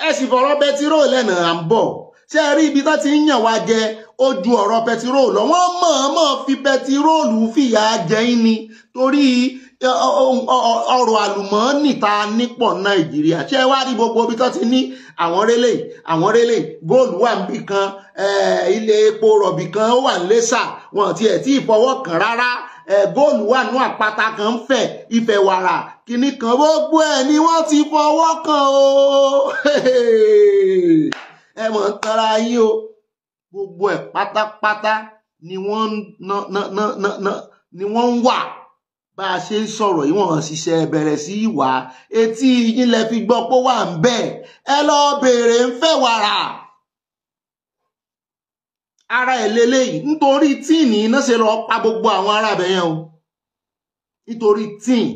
ẹ sì fọ̀rọ̀ bẹtiró lẹ́nà à ń bọ̀ ṣé ẹ rí ibi tó ti ń yàn wá jẹ ó ju pẹtiróòlù lọ wọ́n fi pẹtiróòlù fìyà jẹ yín ni torí ọrọ̀ àlùmọ́ọ́nì tá a nípọ̀ nàìjíríà ṣé ẹ wá rí gbogbo ibi tó ti ní àwọn rélé àwọn rélé góòlù wà níbì kan ilé epo rọ̀bì kan ó wà lẹ́sà wọn ti ẹ̀ tí ì fọwọ́ kàn rárá góòlù wà nú àpáta kan ń fẹ̀ ìfẹ̀ wàrà kìnnìkan gbogbo ẹ̀ ni wọ́n ti fọwọ́ kàn o. <laughs> ẹ mọ̀ ń tanra yín o gbogbo ẹ̀ pátápátá ni wọ́n ń wà bá a ṣe ń sọ̀rọ̀ yìí wọ́n ṣiṣẹ́ bẹ̀rẹ̀ sí ìwà etí yín lẹ fi gbọ́ pé wà ń bẹ̀ ẹ lọ béèrè ń fẹ́ wàrà ara ẹ̀ lélẹ́yìí nítorí tíìnì iná ṣe lọ pa gbogbo àwọn ará ibẹ̀ yẹn o nítorí tíìn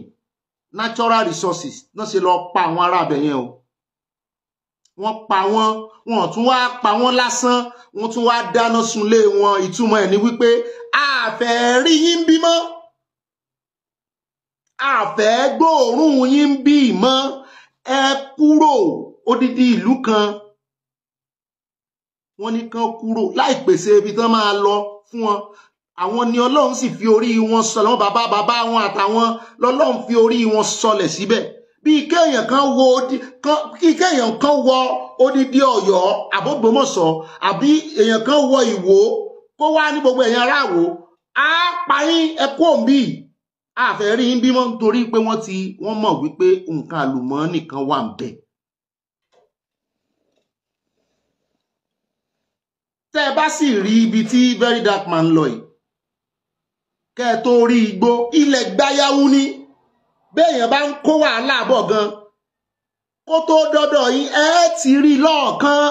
natural resources náà ṣe lọ pa àwọn ará ibẹ̀ yẹn o wọ́n pa wọ́n wọ́n tún wá pa wọ́n lásán wọ́n tún wá dáná sunlé wọn ìtumọ̀ ẹ̀ ni wípé àfẹ́ rí yín bímọ àfẹ́ gbóòórùn yín bí mọ́ ẹ kúrò odidi ìlú kan wọ́n ní kán kúrò láì pèsè ibi tán máa lọ fún wọn àwọn ni Ọlọ́run sì fi orí wọn sọlẹ̀ wọn bàbá bàbá wọn àtàwọn lọ́lọ́run fi orí wọn sọlẹ̀ síbẹ̀ bíi kéèyàn kan wo kí kéèyàn kan wọ odidi Ọ̀yọ́ àbógbòmọ̀ṣọ́ àbí èèyàn kan wọ Ìwó kó wá ní gbogbo èèyàn aráàwọ á pa yín ẹkọ òǹbí àfẹrí yín bímọ nítorí pé wọ́n ti wọ́n mọ̀ wípé nǹkan àlùmọ́ọ́nì kan wà ń bẹ. tẹ́ ẹ bá sì rí ibi tí very dark man lọ yìí kẹ́ ẹ tó rí igbó ilẹ̀ gbáyàwó ni béèyàn bá ń kó wàhálà bọ̀ gan kó tó dọ́dọ̀ yín ẹ ti rí lọ́ọ̀kan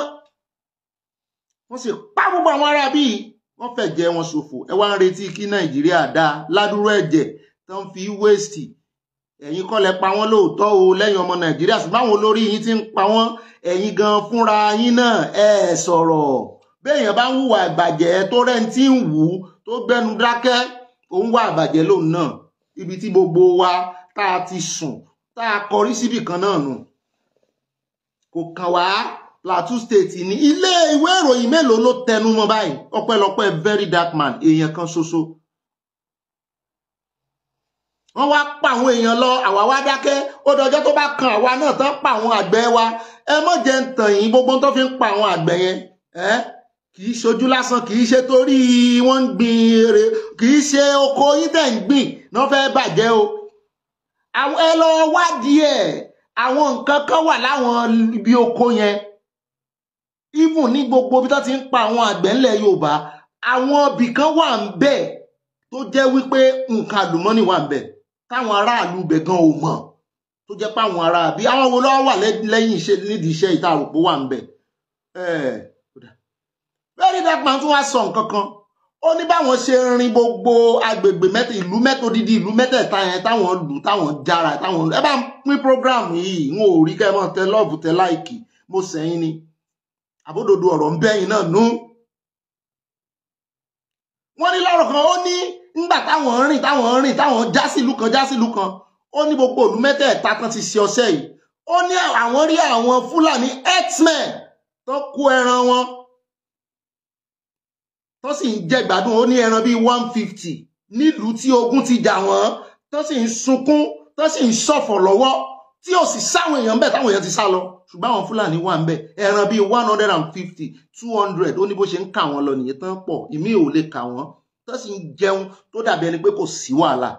wọ́n sì pa gbogbo àwọn ará bíi wọ́n fẹ̀jẹ̀ wọn ṣòfò ẹ wá ń retí kí nàìjíríà dáa ládùúrú ẹ̀jẹ̀ tó ń fi wéèsì ẹ̀yin kọ́ lẹ pa wọ́n lóòótọ́ o lẹ́yìn ọmọ nàìjíríà ṣùgbọ́n àwọn olórí yín ti ń pa wọ́n ẹ̀yin gan fúnra yín náà ẹ sọ̀rọ̀ béèyàn bá ń hùwà ìbàjẹ́ tó rẹ̀ ń ń wù ú tó gbẹnu dákẹ́ òun wà ìbàjẹ́ lòun náà ibi tí gbogbo wa tá a ti sùn tá a kọrí síbì kan náà nù kò kàn wá Plateau State ní ilé ìwé ìròyìn mélòó ló tẹnu mọ́ báyìí ọpẹ́lọpẹ́ very dark man èèyàn kan ṣoṣo wọ́n wá pa àwọn èèyàn lọ àwa wá dákẹ́ ó dọjọ́ tó bá kan àwa náà tán pa àwọn àgbẹ̀ wa ẹ mọ̀ jẹ́ ń tàn yín gbogbo tó fi ń pa àwọn àgbẹ̀ yẹn ẹ kì í ṣojú lásán kì í ṣe torí wọ́n ń gbin eré kì í ṣe oko yín tẹ̀ ń gbìn náà fẹ́ bàjẹ́ o ẹ lọ wádìí ẹ̀ àwọn nǹkan kan wà láwọn ibi oko yẹn even ní gbogbo ibi tó ti ń pa àwọn àgbẹ̀ ńlẹ̀ Yorùbá àwọn ibì kan wà ń bẹ̀ tó jẹ́ wípé nǹkan àlùmọ́nì wà ń bẹ̀ táwọn aráàlú ibẹ̀ gan ò mọ̀ tó jẹ́ pé àwọn ará àbí àwọn wo lọ́wọ́ wà lẹ́yìn iṣẹ́ nídìí iṣẹ́ ìta àròpó wà ń bẹ̀ very man tún wá sọ nǹkan kan ó ní báwọn ṣe rin gbogbo agbègbè mẹ́ta ìlú mẹ́ta odidi ìlú mẹ́tẹ̀ẹ̀ta yẹn táwọn lù táwọn jára táwọn ẹ bá pín program yìí n ò rí kẹ́ ẹ mọ̀ tẹ lọ́ọ̀bù tẹ láìkì mo sẹ́yìn ni àbódòdó ọ̀rọ̀ ń bẹ́yìn náà nú. wọ́n ní lọ́rọ̀ kan ó ní ńgbà táwọn rìn táwọn rìn táwọn já sílù kan já sílù kan ó ní gbogbo ìlú mẹ́tẹ̀ẹ̀ta kan ti ṣe ọṣẹ́ yìí ó ní àwọn rí àwọn fúlàní herdsmen tó kó ẹran wọn tó sì ń jẹ gbádùn ó ní ẹran bíi one fifty nílùú tí ogun ti jà wọ́n tó sì ń sunkún tó sì ń ṣọ̀fọ̀ lọ́wọ́ tí ò sì sáwọn èèyàn bẹ́ẹ̀ táwọn èèyàn ti sá lọ ṣùgbọ́n àwọn fúlàní wà ń bẹ̀ ẹran bíi one hundred and fifty two hundred ó ní bó ṣe ń kà wọ́n lọ nìyẹn tán pọ̀ ìmí ò lè kà wọ́n tó sì ń jẹun tó dàbí ẹni pé kò sí wàhálà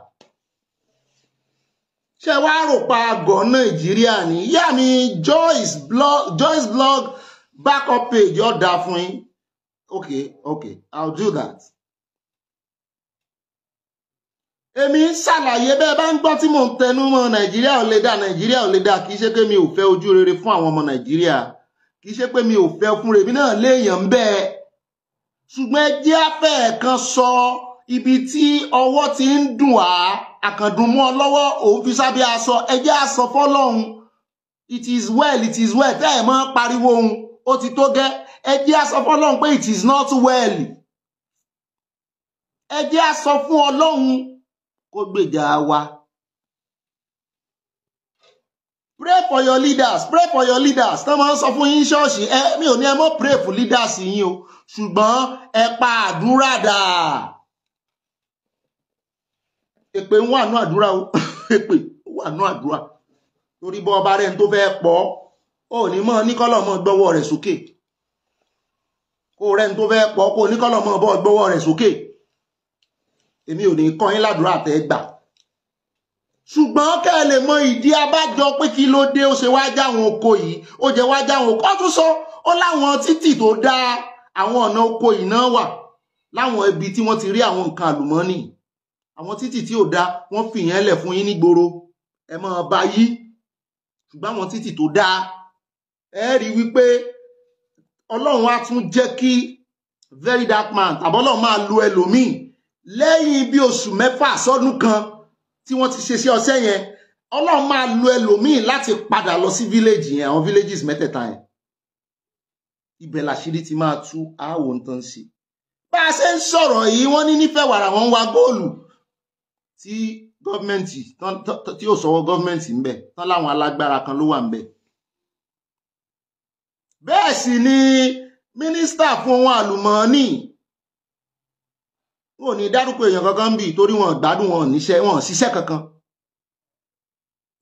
ṣe wá rò pa àgọ́ nàìjíríà ni ìyá mi Joyce blog Joyce blog backup page ọ̀dà fún yín okay okay i'll do that. èmi ń ṣàlàyé bẹ́ẹ̀ bá ń gbọ́ tí mò ń tẹnu mọ́ nàìjíríà ò lè dá nàìjíríà ò lè dá kì í ṣe pé mi ò fẹ́ ojú rere fún àwọn ọmọ nàìjíríà kì í ṣe pé mi ò fẹ́ fún rèmi náà léèyàn bẹ́ẹ̀ ṣùgbọ́n ẹ jẹ́ afẹ́ sọ ibi tí ọwọ́ ti ń dùn á àkàndùn lọ́wọ́ òun fi sábẹ́ aṣọ ẹ jẹ́ aṣọ fọ́lọ́hun it is well it is well tẹ́ ẹ̀ mọ́ pariwo òun ó ti tó gẹ́ ẹ jẹ́ á sọ fún ọlọ́run pé it is not well ẹ jẹ́ á sọ fún ọlọ́run kó gbèjà wa. pray for your leaders pray for your leaders tán máa ń sọ fún yín ṣọ́ọ̀ṣì ẹ mi ò ní ẹ mọ́ pray for leaders yín o ṣùgbọ́n ẹ pa àdúrà dà èpè ń wà nú àdúrà o <laughs> èpè wà nú àdúrà torí bọ́ ọba rẹ̀ ń tó fẹ́ pọ̀ ọ́ ní mọ́ ní kọ́lọ́ mọ́ gbọ́wọ́ rẹ̀ sókè kó rẹ́ni tó fẹ́ pọ̀ kó oníkọ́lọ́mọ bọ́ gbọ́wọ́ rẹ̀ sókè èmi ò ní kọ́ yín ládùúrà tẹ́ gbà ṣùgbọ́n kẹ́ ẹ lè mọ ìdí abájọ pé kí ló dé ó ṣe wá jáwọn oko yìí ó jẹ́ wá jáwọn oko ọtún sọ ó láwọn títì tó dáa àwọn ọ̀nà oko yìí náà wà láwọn ibi tí wọ́n ti rí àwọn nǹkan àlùmọ́ọ́nì àwọn títì tí ò dáa wọ́n fi yẹn lẹ̀ fún yín nígboro ẹ mọ̀ ọba yìí ṣùgbọ́n àwọn títì tó dáa ẹ rí wípé ọlọ́run á tún jẹ́ kí very dark man tàbí ọlọ́run máa lo ẹlòmíì lẹ́yìn bí oṣù mẹ́fà sọ́dún kan tí wọ́n ti ṣe sí ọṣẹ́ yẹn ọlọ́run máa lo ẹlòmíì láti padà lọ sí village yẹn àwọn villages mẹ́tẹ̀ẹ̀ta yẹn ibẹ̀ làṣírí ti máa tú àáwò ń tán sí bá a ṣe ń sọ̀rọ̀ yìí wọ́n ní nífẹ̀ẹ́ wàrà wọn ń wa góòlù tí gọ́ọ̀mẹ̀ntì tí ò sọ̀wọ́ gọ́ọ̀mẹ̀ntì ń bẹ tán láwọn alágbára kan ló wà ń bẹ̀ bẹ́ẹ̀ sì ni mínísítà fún ohun àlùmọ́ọ́nì wọn ò ní dárúkọ èèyàn kankan bíi torí wọn gbádùn wọn níṣẹ́ wọn ṣiṣẹ́ kankan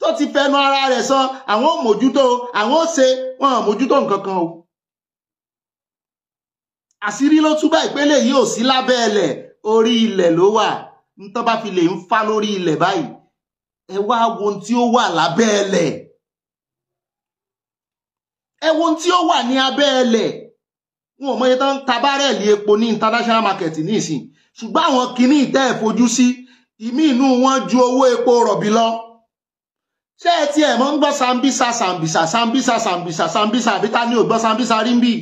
tó ti fẹnu ara rẹ̀ sọ àwọn ò mójútó àwọn ò ṣe wọn ò mójútó nǹkan kan o àṣírí ló túbà ìpele yìí ò sí lábẹ́ ẹlẹ̀ orí ilẹ̀ ló wà ní tó bá fi lè ń fá lórí ilẹ̀ báyìí ẹ wá wo ohun tí ó wà lábẹ́ ẹlẹ̀ ẹwọ́n tí ó wà ní abẹ́ ẹlẹ̀ wọn ò mọye tán ń ta bárẹ̀lì epo ní international market nísìn ṣùgbọ́n àwọn kinní ìtẹ́ ẹ̀ fojú sí ìmí inú wọn ju owó epo rọ̀bì lọ ṣé ẹ ti ẹ̀ mọ́ ń gbọ́ sambisa sambisa sambisa sambisa sambisa àbí ta ni ò gbọ́ sambisa rí ń bì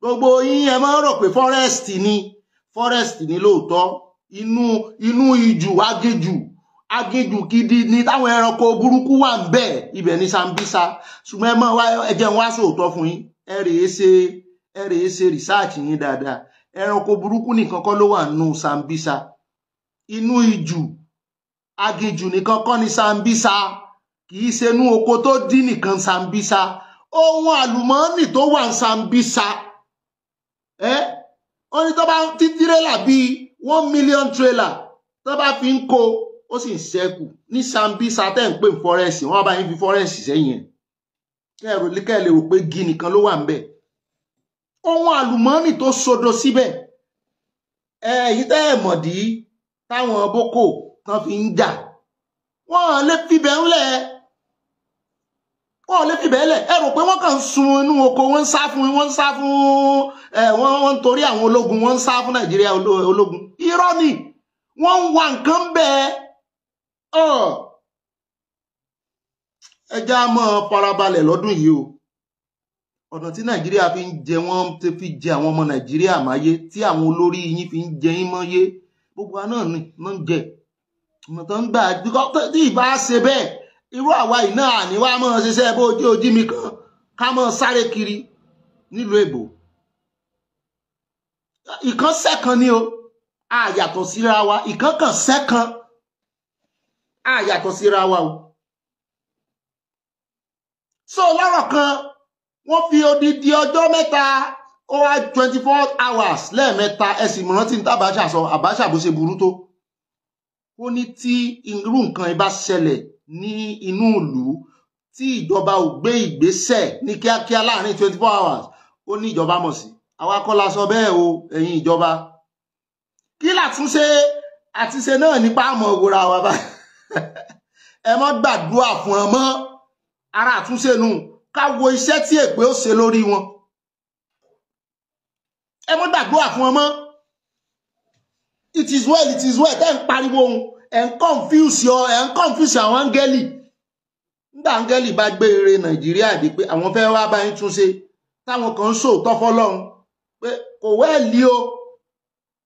gbogbo yín ẹ mọ́ rò pé forest ni forest ni lóòótọ́ inú inú ijù agéjù aginjù gidi ni táwọn ẹranko burúkú wà ń bẹ̀ ibẹ̀ ní Sambisa ṣùgbọ́n ẹ mọ̀ wá ẹjẹ̀ ń wá sòótọ́ fún yín ẹ rèé ṣe ẹ rèé ṣe rìsáàtì yín dáadáa ẹranko burúkú nìkan kọ́ ló wà nù Sambisa inú ijù aginjù nìkan kọ́ ni Sambisa kì í ṣe inú oko tó dín nìkan Sambisa ohun àlùmọ́ọ́nì tó wà ní Sambisa ẹ ó ní tó bá ti tírélà bíi one million trailer tó bá fi ń kó ó sì ń ṣẹ́kù ní Sambisa tẹ́ ń pè ní fọ́rẹ́sì wọ́n bá yín fi fọ́rẹ́sì sẹ́yìn ẹ̀ kẹ́ẹ̀rọ kẹ́ẹ̀lẹ́ rò pé gí nìkan ló wà ń bẹ̀ ohun àlùmọ́ọ́nì tó sodo síbẹ̀ èyí tẹ́ ẹ̀ mọ̀dí táwọn boko tán fi ń jà wọ́n lè fibẹ̀ ńlẹ̀ wọ́n lè fibẹ̀ ńlẹ̀ ẹ rò pé wọ́n kàn ń sun inú oko wọ́n ń sá fún wọ́n ń sá fún wọ́n ń torí àwọn ológun wọ́n ń sá fún Nàìjíríà ológun irọ́ ni wọ́n ń wa nǹkan bẹ́ẹ̀ hàn ẹja máa farabalẹ̀ lọ́dún yìí o ọ̀nà tí nàìjíríà fi ń jẹ wọ́n ti fi jẹ àwọn ọmọ nàìjíríà máyé tí àwọn olórí yín fi ń jẹ yín mọ́yé gbogbo wa náà ni ló ń jẹ ọ̀nà tó ń gbà tí ìbá ṣe bẹ́ẹ̀ irú àwa yìí náà àníwá máa ṣiṣẹ́ bó ojú ojú mi kan ká máa sáré kiri nílùú èbò ìkan sẹ́kan ni o a yàtọ̀ síra wa ìkan kan á yàtọ̀ síra wa o so lọ́rọ̀ kan wọ́n fi odidi ọjọ́ mẹ́ta ó wá twenty four hours lẹ́ẹ̀mẹ́ta ẹ sì mọ̀ rántí ní tàbáṣà sọ àbáṣà bó ṣe burú tó ó ní tí irú nǹkan ibà ṣẹlẹ̀ ní inú ìlú tí ìjọba ò gbé ìgbésẹ̀ ní kíákíá láàrin twenty four hours ó ní ìjọba mọ̀ sí àwa kọ́ la sọ bẹ́ẹ̀ o ẹ̀yin ìjọba kí làtúnṣe àtiṣe náà nípa àmọ́ òwúra wa báyìí ẹ mọ́ gbàdúrà fún ọ mọ́ ara àtúnṣe nù ká wo iṣẹ́ tí èpè ó ṣe lórí wọn ẹ mọ́ gbàdúrà fún ọ mọ́ it is well it is well tẹ́ ń pariwo ohun ẹ̀ ń confuse ọ ẹ̀ ń confuse àwọn áńgẹ́lì nígbà áńgẹ́lì bá gbé eré nàìjíríà dé pé àwọn fẹ́ wá báyìí túnṣe táwọn kan ń sòótọ́ fọlọ́run pé kò wẹ́ẹ̀ lí o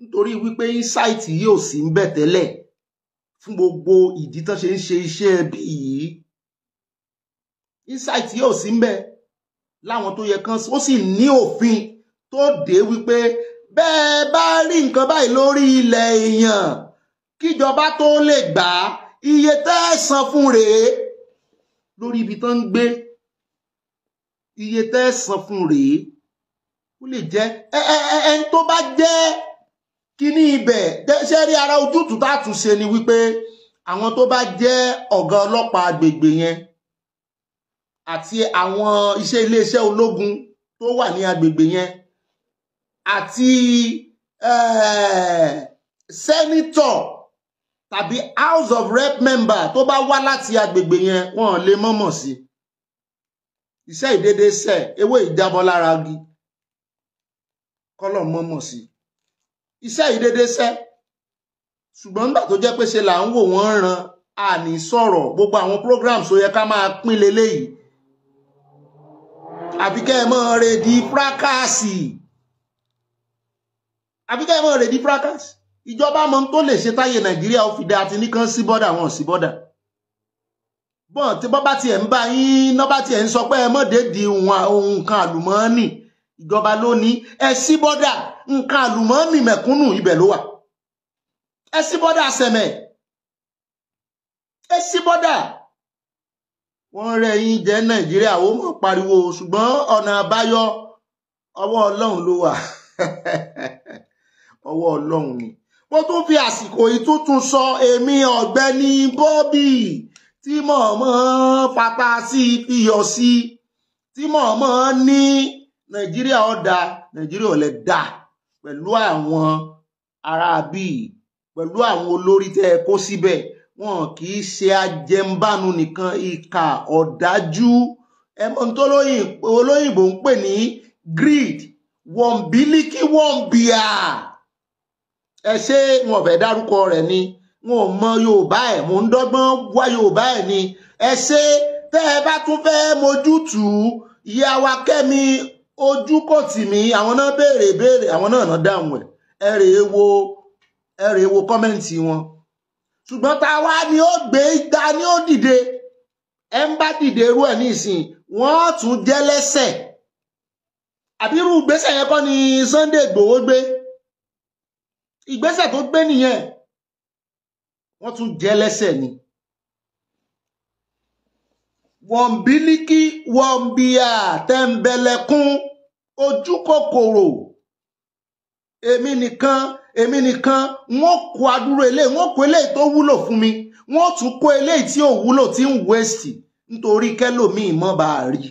nítorí wípé insight yìí ò sí ń bẹ̀ tẹ́lẹ̀ fún gbogbo ìdí tán ṣe ń ṣe iṣẹ́ ẹbí yìí insight yìí ò sí ń bẹ̀ láwọn tó yẹ kán ó sì ní òfin tó dé wípé bẹ́ẹ̀ bá rí nǹkan báyìí lórí ilẹ̀ èèyàn kíjọba tó lè gbà á iye tẹ́ ẹ san fún rèé lórí ibi tán ń gbé iye tẹ́ fún rèé ó lè jẹ́ ẹ ẹ ẹ ẹni tó bá jẹ́ kíní ibẹ̀ ṣé rí ara ojútùú tààtù ṣe ni wípé àwọn tó bá jẹ́ ọ̀gá ọlọ́pàá agbègbè yẹn àti àwọn iṣẹ́ iléeṣẹ́ ológun tó wà ní agbègbè yẹn àti eh, sẹ́nítọ̀ tàbí house of rep member tó bá wá láti agbègbè yẹn wọn lè mọ̀mọ̀ sí iṣẹ́ ìdédé sẹ̀ ewé ìjábọ̀ lára gi kọ́lọ̀ mọ̀mọ̀ sí iṣẹ́ yìí déédéé ṣẹ́ ṣùgbọ́n nígbà tó jẹ́ pé ṣe là ń wò wọ́n ran àní sọ̀rọ̀ gbogbo àwọn programs tó yẹ ká máa pín leléyìí àbí kẹ́ ẹ mọ́ rè di fracasi àbí kẹ́ ẹ mọ́ rè di fracasi ìjọba mọ tó lè ṣe táyé nàìjíríà ó fi dá àti nìkan sí bọ́dà wọn sí bọ́dà bọ́n tí bọ́bá tiẹ̀ ń bá yín nọ́bá tiẹ̀ ń sọ pé ẹ mọ́ dédìí ohun kan àlùmọ́ọ́nì ìjọba ló ẹ sí bọ́dà nǹkan àlùmọ́ọ́nì mẹ̀kúnnù ibẹ̀ ló wà ẹ ṣí bọ́dà sẹ̀mẹ̀ ẹ ṣí bọ́dà wọ́n rẹ̀ yín jẹ́ nàìjíríà ó mọ̀ pariwo ṣùgbọ́n ọ̀nà àbáyọ ọwọ́ ọlọ́run ló wà <laughs> ọwọ́ ọlọ́run ni mo tún fi àsìkò ìtútùn sọ èmi ọ̀gbẹ́ni Bobby tí mọ̀ọ́mọ́ fapá sí iyọ̀ sí tí mọ̀ọ́mọ́ ní nàìjíríà ọ̀dà nàìjíríà ọ̀lẹ̀ pẹ̀lú àwọn aráabí pẹ̀lú àwọn olórí tẹ́ ẹ kó síbẹ̀ wọn kì í ṣe ajẹmbánu nìkan ìkà ọ̀dájú ohun tó olóyìnbó ń pè ní greed wọ́n bílíkì wọ́n bíà ẹ ṣé wọn ò dárúkọ rẹ̀ ni wọn ò mọ yorùbá ẹ̀ mò ń dọ́gbọ́n wá yorùbá ẹ̀ ni ẹ ṣé tẹ́ ẹ bá tún fẹ́ mójútùú ìyá wa kẹ́mi ojú kò tì mí àwọn náà béèrè béèrè àwọn náà náà dáhùn ẹ ẹ wo ẹ wo kọ́mẹ́ǹtì wọn ṣùgbọ́n ta wá ni ó gbé igba ni ó dìde ẹ ń bá dìde irú ẹ̀ nísìn wọ́n tún jẹ́ lẹ́sẹ̀ àbí irú yẹn kọ́ ni Sunday Igboho gbé ìgbésẹ̀ tó gbé nìyẹn wọ́n tún jẹ́ lẹ́sẹ̀ ni wọ́n bílíkì wọ́n bíyà tẹ́ńbẹ̀lẹ̀kún ojú kòkòrò èmi nìkan èmi nìkan wọ́n kó adúró eléyìí wọ́n kó eléyìí tó wúlò fún mi wọ́n tún kó eléyìí tí ò wúlò tí ń wẹ́sì nítorí kẹ́lòmíì mọ́ bá a rí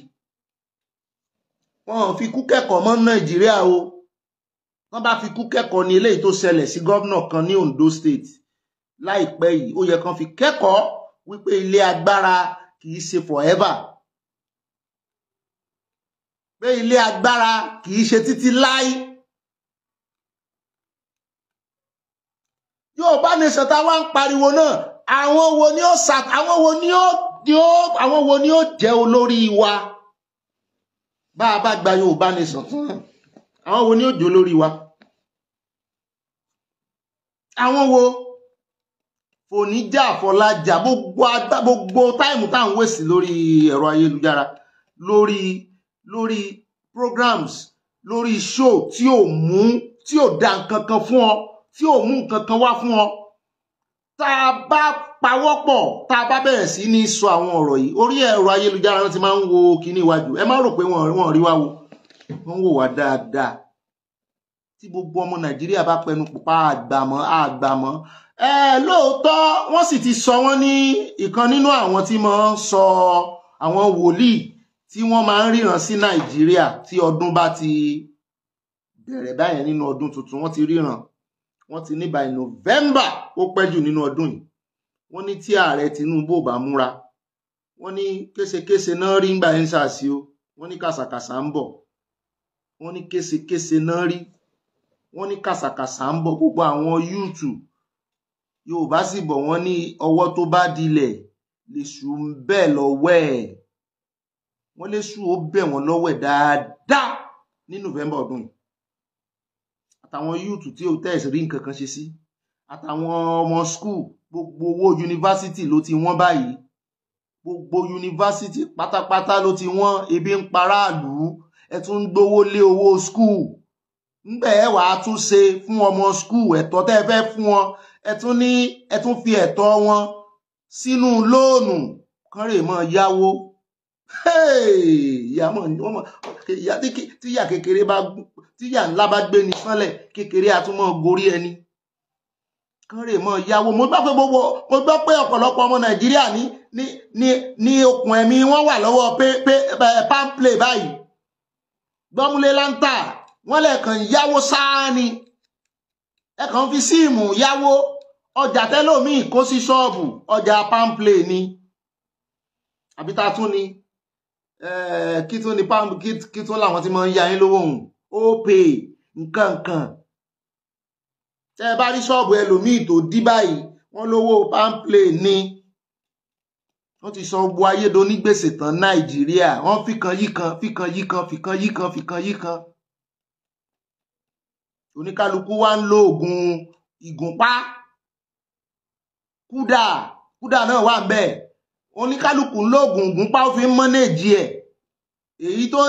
wọ́n fi kú kẹ́kọ̀ọ́ mọ́ nàìjíríà o wọ́n bá fi kú kẹ́kọ̀ọ́ ní eléyìí tó ṣẹlẹ̀ sí gómìnà kan ní Ondo State láìpẹ́ yìí ó yẹ kán fi kẹ́kọ̀ọ́ wípé ilé agbára kì í ṣe forever pé ilé agbára kì í ṣe títí láí. Yorùbá nation tá a wá ń pariwo náà àwọn wo ni ó sa àwọn wo ni ó ni ó àwọn wo ni ó jẹ́ olórí wa bá a bá gba Yorùbá nation tán àwọn wo ni ó jẹ́ olórí wa àwọn wo fòníjà fọlájà gbogbo gbogbo táìmù táwọn wèsì lórí ẹ̀rọ ayélujára lórí lórí programs lórí show tí ò mú tí ò dá nǹkan kan fún ọ tí ò mú nǹkan kan wá fún ọ tá a bá pawọ́pọ̀ tá a bá bẹ̀rẹ̀ sí ní sọ àwọn ọ̀rọ̀ yìí orí ẹ̀rọ ayélujára ti máa ń wo kíní iwájú ẹ má rò pé wọ́n rí wá wo wọ́n wò wá dáadáa tí gbogbo ọmọ nàìjíríà bá pẹnu pupa àgbàmọ́ àgbàmọ́ ẹ lóòótọ́ wọ́n sì ti sọ wọ́n ní ìkan nínú àwọn tí mo ń sọ àwọn wòlíì tí wọ́n máa ń ríran sí nàìjíríà tí ọdún bá ti bẹ̀rẹ̀ báyẹn nínú ọdún tuntun wọ́n ti ríran wọ́n ti ní by november ó pẹ́ jù nínú ọdún yìí wọ́n ní tí ààrẹ tinubu ò bá múra wọ́n ní késekése náà rí ńgbà yẹn ṣàṣì o wọ́n ní kàṣàkàṣà ń bọ̀ wọ́n ní késekése náà rí wọ́n ní kàṣàkàṣà ń bọ̀ gbogbo àwọn yúùtù yorùbá sì bọ̀ wọ́n ní ọwọ́ tó bá dilẹ̀ lèṣù ń bẹ́ẹ̀ lọ́wọ́ ẹ̀ wọ́n lé sùn ó bẹ̀ wọ́n lọ́wọ́ ẹ̀ dáadáa ní november ọdún yìí àtàwọn yúùtù tí o tẹ́ẹ̀sì rí nǹkan kan ṣe sí àtàwọn ọmọ skul gbogbo owó yunifásitì ló ti wọ́n báyìí gbogbo yunifásitì pátápátá ló ti wọ́n ebi ń paráàlú ẹ tún ń gbowó lé owó skul ńgbẹ́ ẹ wàá tún ṣe fún ọmọ skul ẹ̀tọ́ tẹ́ ẹ fẹ́ fún wọn ẹ tún ní ẹ tún fi ẹ̀tọ́ wọn sínú lóònù kán rè yáwó ìyá tíyà kékeré bá tíyà ńlá bá gbé ni sánlẹ̀ kékeré àtúmọ̀ gorí ẹni kọ́rè mọ́ ìyàwó mo gbọ́ pé gbogbo mo gbọ́ pé ọ̀pọ̀lọpọ̀ ọmọ nàìjíríà ní ní ní okùn ẹ̀mí wọ́n wà lọ́wọ́ pé pé pamplay báyìí gbọ́múlé láńtà wọ́n lẹ́ẹ̀kan yáwó sáá ni ẹ̀kan fi síìmù yáwó ọjà tẹ́lómi kó sí ṣọ́ọ̀bù ọjà pamplay ni àbí ta tún ni Eh, kí tún ní pam kí tún làwọn tí máa ń ya yín lówó òun ó pè nǹkan kan tẹ́ ẹ bá rí ṣọ́ọ̀bù ẹlòmíì tó dí báyìí wọ́n lówó pamplé ni wọ́n ti sọ gbogbo ayé do nígbèsè tán nàìjíríà wọ́n fìkan yí kan fìkan yí kan fìkan yí kan fìkan yí kan oníkálukú wa ń lo oògùn ìgúnpá kúdà kúdà náà wà ń bẹ́ẹ̀ oníkálukú lóògùn ògùnpá ó fi ń mọ́nẹ́jì ẹ̀ èyí tó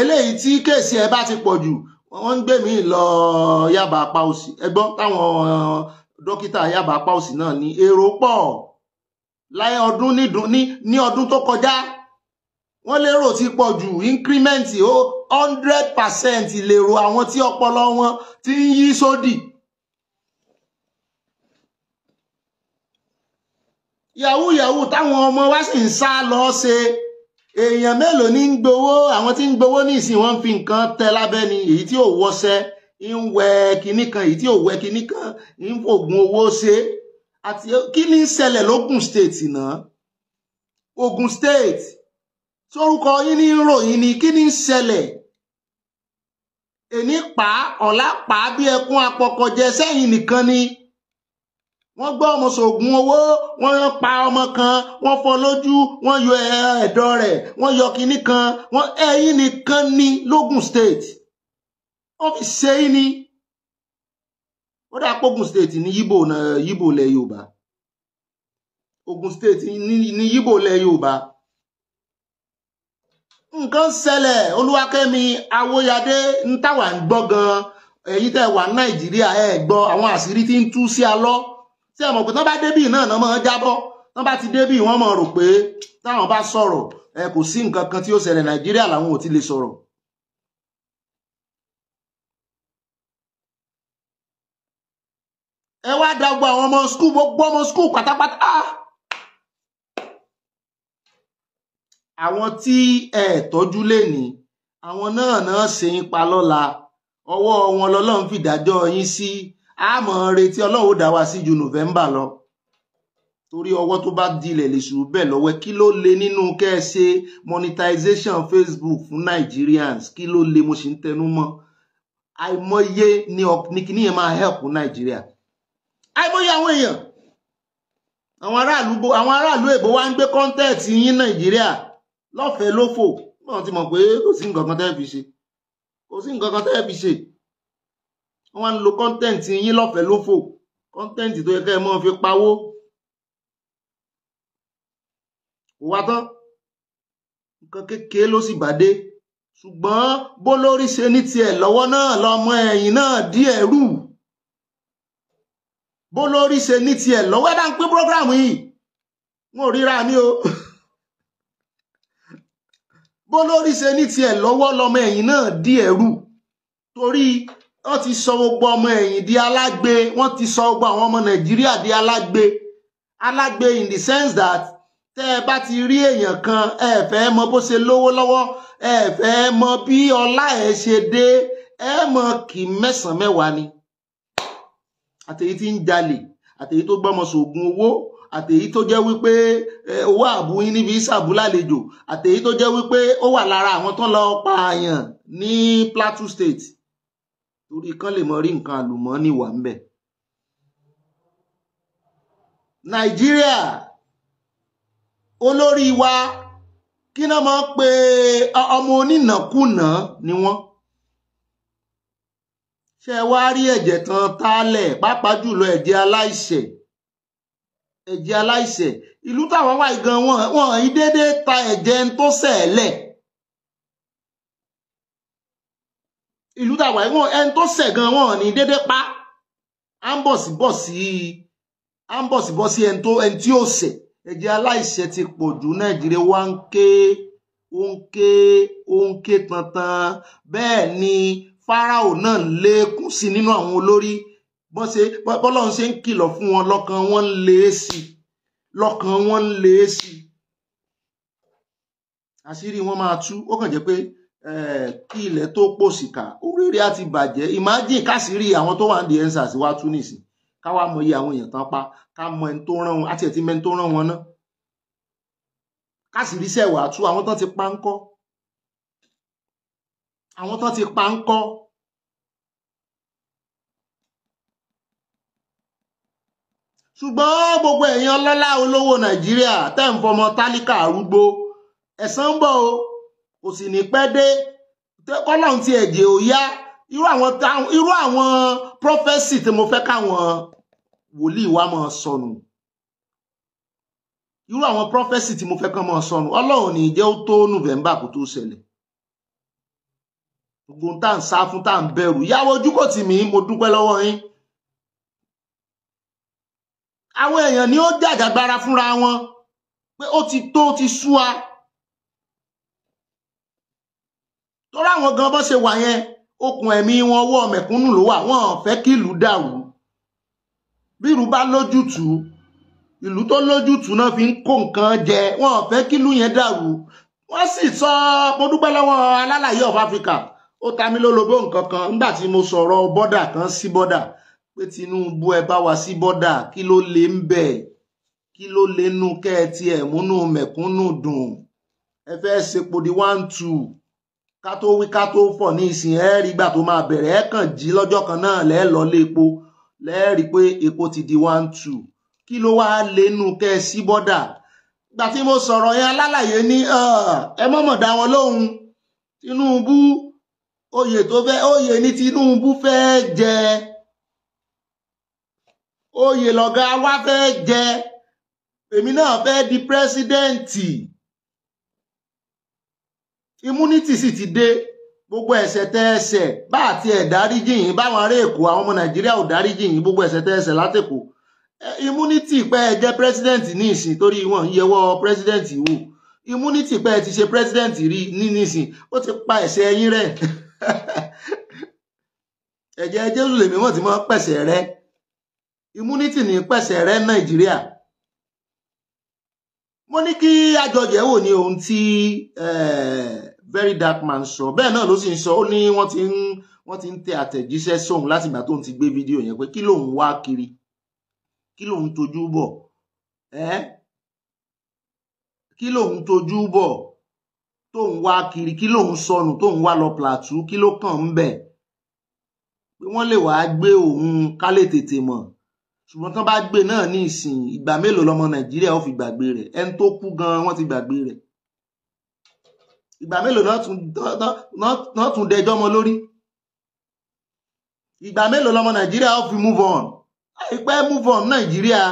eléyìí tí kéèsì ẹ̀ bá ti pọ̀ jù wọ́n ń gbé mi lọ yaba apá òsì ẹgbọ́n táwọn uh, dókítà yaba apá òsì náà ní èrò pọ̀ láyé ọdún ní ọdún tó kọjá wọ́n lérò ti pọ̀ jù increment ó oh, hundred percent lèrò àwọn tí ọpọlọ wọn ti ń yí sódì. So yahoo yahoo táwọn ọmọ wa sì ń sá lọ ṣe èèyàn mélòó ní ń gbowó àwọn tí ń gbowó ní ìsìn wọn fi nǹkan tẹ lábẹ́ ni èyí tí ò wọṣẹ ń wẹ kinní kan èyí tí ò wẹ kinní kan ń fògùn owó ṣe àti kí ni ń ṣẹlẹ̀ lógùn state náà Ogun State sórúkọ yín ní ròyìn ni kí ni ń ṣẹlẹ̀ èní pa ọ̀la pa bí ẹkún apọkọjẹ sẹ́yìn nìkan ni. Roi, wọ́n gbọ́ ọmọ sògùn owó wọ́n pa ọmọ kan wọ́n fọ́ lójú wọ́n yọ ẹ̀dọ̀ rẹ̀ wọ́n yọ kínní kan wọ́n ẹ̀yìn nìkan ní logun state wọ́n fi ṣe é ní ó dà pé Ògùn state ní yíbò yíbò lẹ̀ Yorùbá ogun state ní yíbò lẹ̀ Yorùbá nǹkan ṣẹlẹ̀ Olúwakẹ́mi Awóyadé ń táwa ń gbọ́ gan-an èyí wà Nàìjíríà ẹ̀ gbọ́ àwọn àṣírí tí ń tú sí alọ́. tí ẹ mọ̀ pé tán bá débì náà náà máa jábọ́ tán bá ti débì wọ́n mọ̀ rò pé táwọn bá sọ̀rọ̀ ẹ kò sí nǹkan kan tí ó ṣẹlẹ̀ nàìjíríà làwọn ò ti lè sọ̀rọ̀. ẹ wá da gbogbo àwọn ọmọ skul gbogbo ọmọ skul pátápátá ah! àwọn tí ẹ tọ́jú lè ní àwọn náà náà ṣe ń pa lọ́la ọwọ́ wọn lọ́lọ́run fìdájọ́ yín sí. Si a mọ̀ retí ọlọ́run dá wa sí ju november lọ torí ọwọ́ tó bá dilẹ̀ lèṣù bẹ́ẹ̀ lọ́wọ́ kí ló le nínú kẹ́ ẹ ṣe monetization facebook fún nigerians kí ló le mo sì ń tẹnu mọ́ àìmọye ni kìíní yẹn máa help nàìjíríà àìmọye àwọn èèyàn àwọn aráàlú àwọn aráàlú èbó wá ń gbé content yín nàìjíríà lọ́fẹ̀ẹ́ lófò náà ti mọ̀ pé kò sí nǹkan kan tẹ́ fi ṣe kò sí nǹkan kan tẹ́ fi ṣe wọ́n wá ń lo content yín lọ́fẹ̀ẹ́ lófò content tó yẹ kẹ́ ẹ mọ́ fi pawó wá tán nǹkan kékeré ló sì bàdé ṣùgbọ́n bó lórí ṣe ní tiẹ̀ lọ́wọ́ náà lọ́mọ ẹ̀yìn náà dí ẹ̀rù bó ṣe ní tiẹ̀ lọ́wọ́ ẹ̀dá ń pín prógrámù yìí wọn ò ríra mi o bó ṣe ní tiẹ̀ lọ́wọ́ lọ́mọ ẹ̀yìn náà dí ẹ̀rù torí wọ́n ti sọ gbogbo ọmọ ẹ̀yìn di alágbe wọ́n ti sọ gbogbo àwọn ọmọ nàìjíríà di alágbe alágbe in the sense that tẹ́ ẹ bá ti rí èèyàn kan ẹ fẹ́ mọ bó ṣe lówó lọ́wọ́ ẹ fẹ́ mọ bí ọlá ẹ̀ ṣe dé ẹ mọ kì mẹ́sàn-án mẹ́wàá ni àtẹ̀yí tí ń jalè àtẹ̀yí tó gbọ́mọ sògùn owó àtẹ̀yí tó jẹ́ wípé owó àbú yín níbi ìṣàbù lálejò àtẹ̀yí tó jẹ́ wípé ó wà lára àwọn tó lọ pààyàn ní Plateau State torí kán lè mọ rí nǹkan àlùmọ́ọ́nì wà ńbẹ̀. nàìjíríà olórí wa kí náà máa ń pe ọmọ onínàkúnà ni wọ́n ṣe wá rí ẹ̀jẹ̀ tán tálẹ̀ pàápàá jùlọ ẹ̀jẹ̀ aláìṣẹ̀ ẹ̀jẹ̀ aláìṣẹ̀ ìlú táwọn wà gan wọn ìdédé ta ẹ̀jẹ̀ tó ṣẹ̀ẹ́lẹ̀. E ìlú tàwa ẹ̀wọ̀n ẹni tó ṣẹ̀ gan wọn ní dédé pa á ń bọ̀ sí bọ̀ sí á ń bọ̀ sí bọ̀ sí ẹni tó ẹni tí ó ṣẹ̀ ẹ̀jẹ̀ aláìṣẹ̀ ti pọ̀ jù nàìjíríà wá ń ké ó ń ké ó ń ké tantan bẹ́ẹ̀ ni fáráò náà ń lékún sí nínú àwọn olórí bọ́lọ́run ṣe ń kìlọ̀ fún wọn lọ́kàn wọn ń lé sí i lọ́kàn wọn ń lé sí i àṣírí wọn máa tú ó kàn jẹ́ pé kí ilẹ̀ tó pọ̀ síkà oríire á ti bàjẹ́ imagine kásìrí àwọn tó wà ní ensars wá tún nìsí káwá mọ iye àwọn èèyàn tán pa ká mọ ẹni tó rán wọn àti ẹ̀tí mẹ́ni tó rán wọn náà kásìrí sẹ̀wà tú àwọn tán ti pa ń kọ́ àwọn tán ti pa ń kọ́ ṣùgbọ́n gbogbo èèyàn lọ́lá olówó nàìjíríà tẹ́ ń fọmọ tálíkà arúgbó ẹ̀san ń bọ̀ o kò sì ní pẹ́ dé kọ́lọ́hún ti ẹ̀jẹ̀ ò yá irú àwọn irú àwọn prọfẹ́sì tí mo fẹ́ káwọn wòlíì wa máa sọnù irú àwọn prọfẹ́sì tí mo fẹ́ kán máa sọnù ọlọ́run ní jẹ́ ó tó november kó tó ṣẹlẹ̀ gbogbo tá à ń sá fún tá ń bẹ̀rù yáwó ojú kò tì mí mo dúpẹ́ lọ́wọ́ yín àwọn èèyàn ni ó jàjàgbara fúnra wọn pé ó ti tó ti sú wa. torí àwọn gan bó ṣe wà yẹn okùn ẹ̀mí wọn ọwọ́ mẹ̀kúnnù ló wà wọn ò fẹ́ kí ìlú dàrú bírú bá lójútùú ìlú tó lójútùú náà fi ń kó nǹkan jẹ wọn ò fẹ́ kí ìlú yẹn dàrú wọ́n sì sọ mo dúpẹ́ lọ́wọ́ alálàyé of Africa ó ta mí lólobó nǹkan kan nígbà tí mo sọ̀rọ̀ bọ́dà kan sí bọ́dà pé Tinubu ẹ bá wa sí bọ́dà kí ló lè ń bẹ̀ kí ló lè nu kẹ́ ẹ tiẹ̀ múnú mẹ̀kúnnù dùn ẹ fẹ́ ṣepo di one two ká tó wí ká tó fọ̀ ní ìsìn ẹ rí gbà tó máa bẹ̀rẹ̀ ẹ kàn jí lọ́jọ́ kan náà lẹ lọ lé epo lẹ rí pé epo ti di one two kí ló wá lẹ́nu kẹ́ ẹ sí bọ́dà gbà tí mo sọ̀rọ̀ yẹn alálàyé ní ẹ mọ̀mọ̀ dá wọn lóhùn Tinubu oyè tó fẹ́ oyè ní Tinubu fẹ́ jẹ oyè lọ̀gá wa fẹ́ jẹ èmi náà fẹ́ di pírẹ́sídẹ́ǹtì immunity sì ti dé gbogbo ẹ̀ṣẹ̀ tẹ ẹ̀ṣẹ̀ bá àti ẹ dáríjì yín báwọn ará èkó àwọn ọmọ nàìjíríà ò dáríjì yín gbogbo ẹ̀ṣẹ̀ tẹ ẹ̀ṣẹ̀ látẹkọ immunity pé ẹ jẹ́ president ní ìsìn torí wọn yẹwọ president wò immunity pé ẹ ti ṣe president rí ní nísìn ó ti pa ẹ̀ṣẹ̀ yín rẹ́ <laughs> ẹ̀jẹ̀ jésù lèmi wọn ti mọ pẹ̀ṣẹ̀ rẹ́ immunity ní pẹ̀ṣẹ̀ rẹ́ nàìjíríà mo ní kí àjọjẹ wò ní ohun tí. Eh, very dark man sọ bẹ́ẹ̀ náà ló sì ń sọ ó ní wọ́n ti ń wọ́n ti ń tẹ àtẹ̀jíṣẹ́ sóhun láti ìgbà tó ń ti gbé fídíò yẹn pé kí lòun wá kiri kí lòun tójú bọ̀ ẹ́ kí lòun tójú bọ̀ tóun wá kiri kí lòun sọnù tóun wá lọ plateau kí ló kàn ń bẹ̀ pé wọ́n lè wàá gbé òun ká lè tètè mọ̀ ṣùgbọ́n tán bá gbé náà ní ìsìn ìgbà mélòó lọmọ nàìjíríà ó fi gbàgbé rẹ̀ ẹni tó kú gan-an ti gbàgbé rẹ̀ ìgbà mélòó náà tún dẹjọ́ mọ́ lórí ìgbà mélòó lọmọ nàìjíríà ó fi move on àìpẹ́ move on nàìjíríà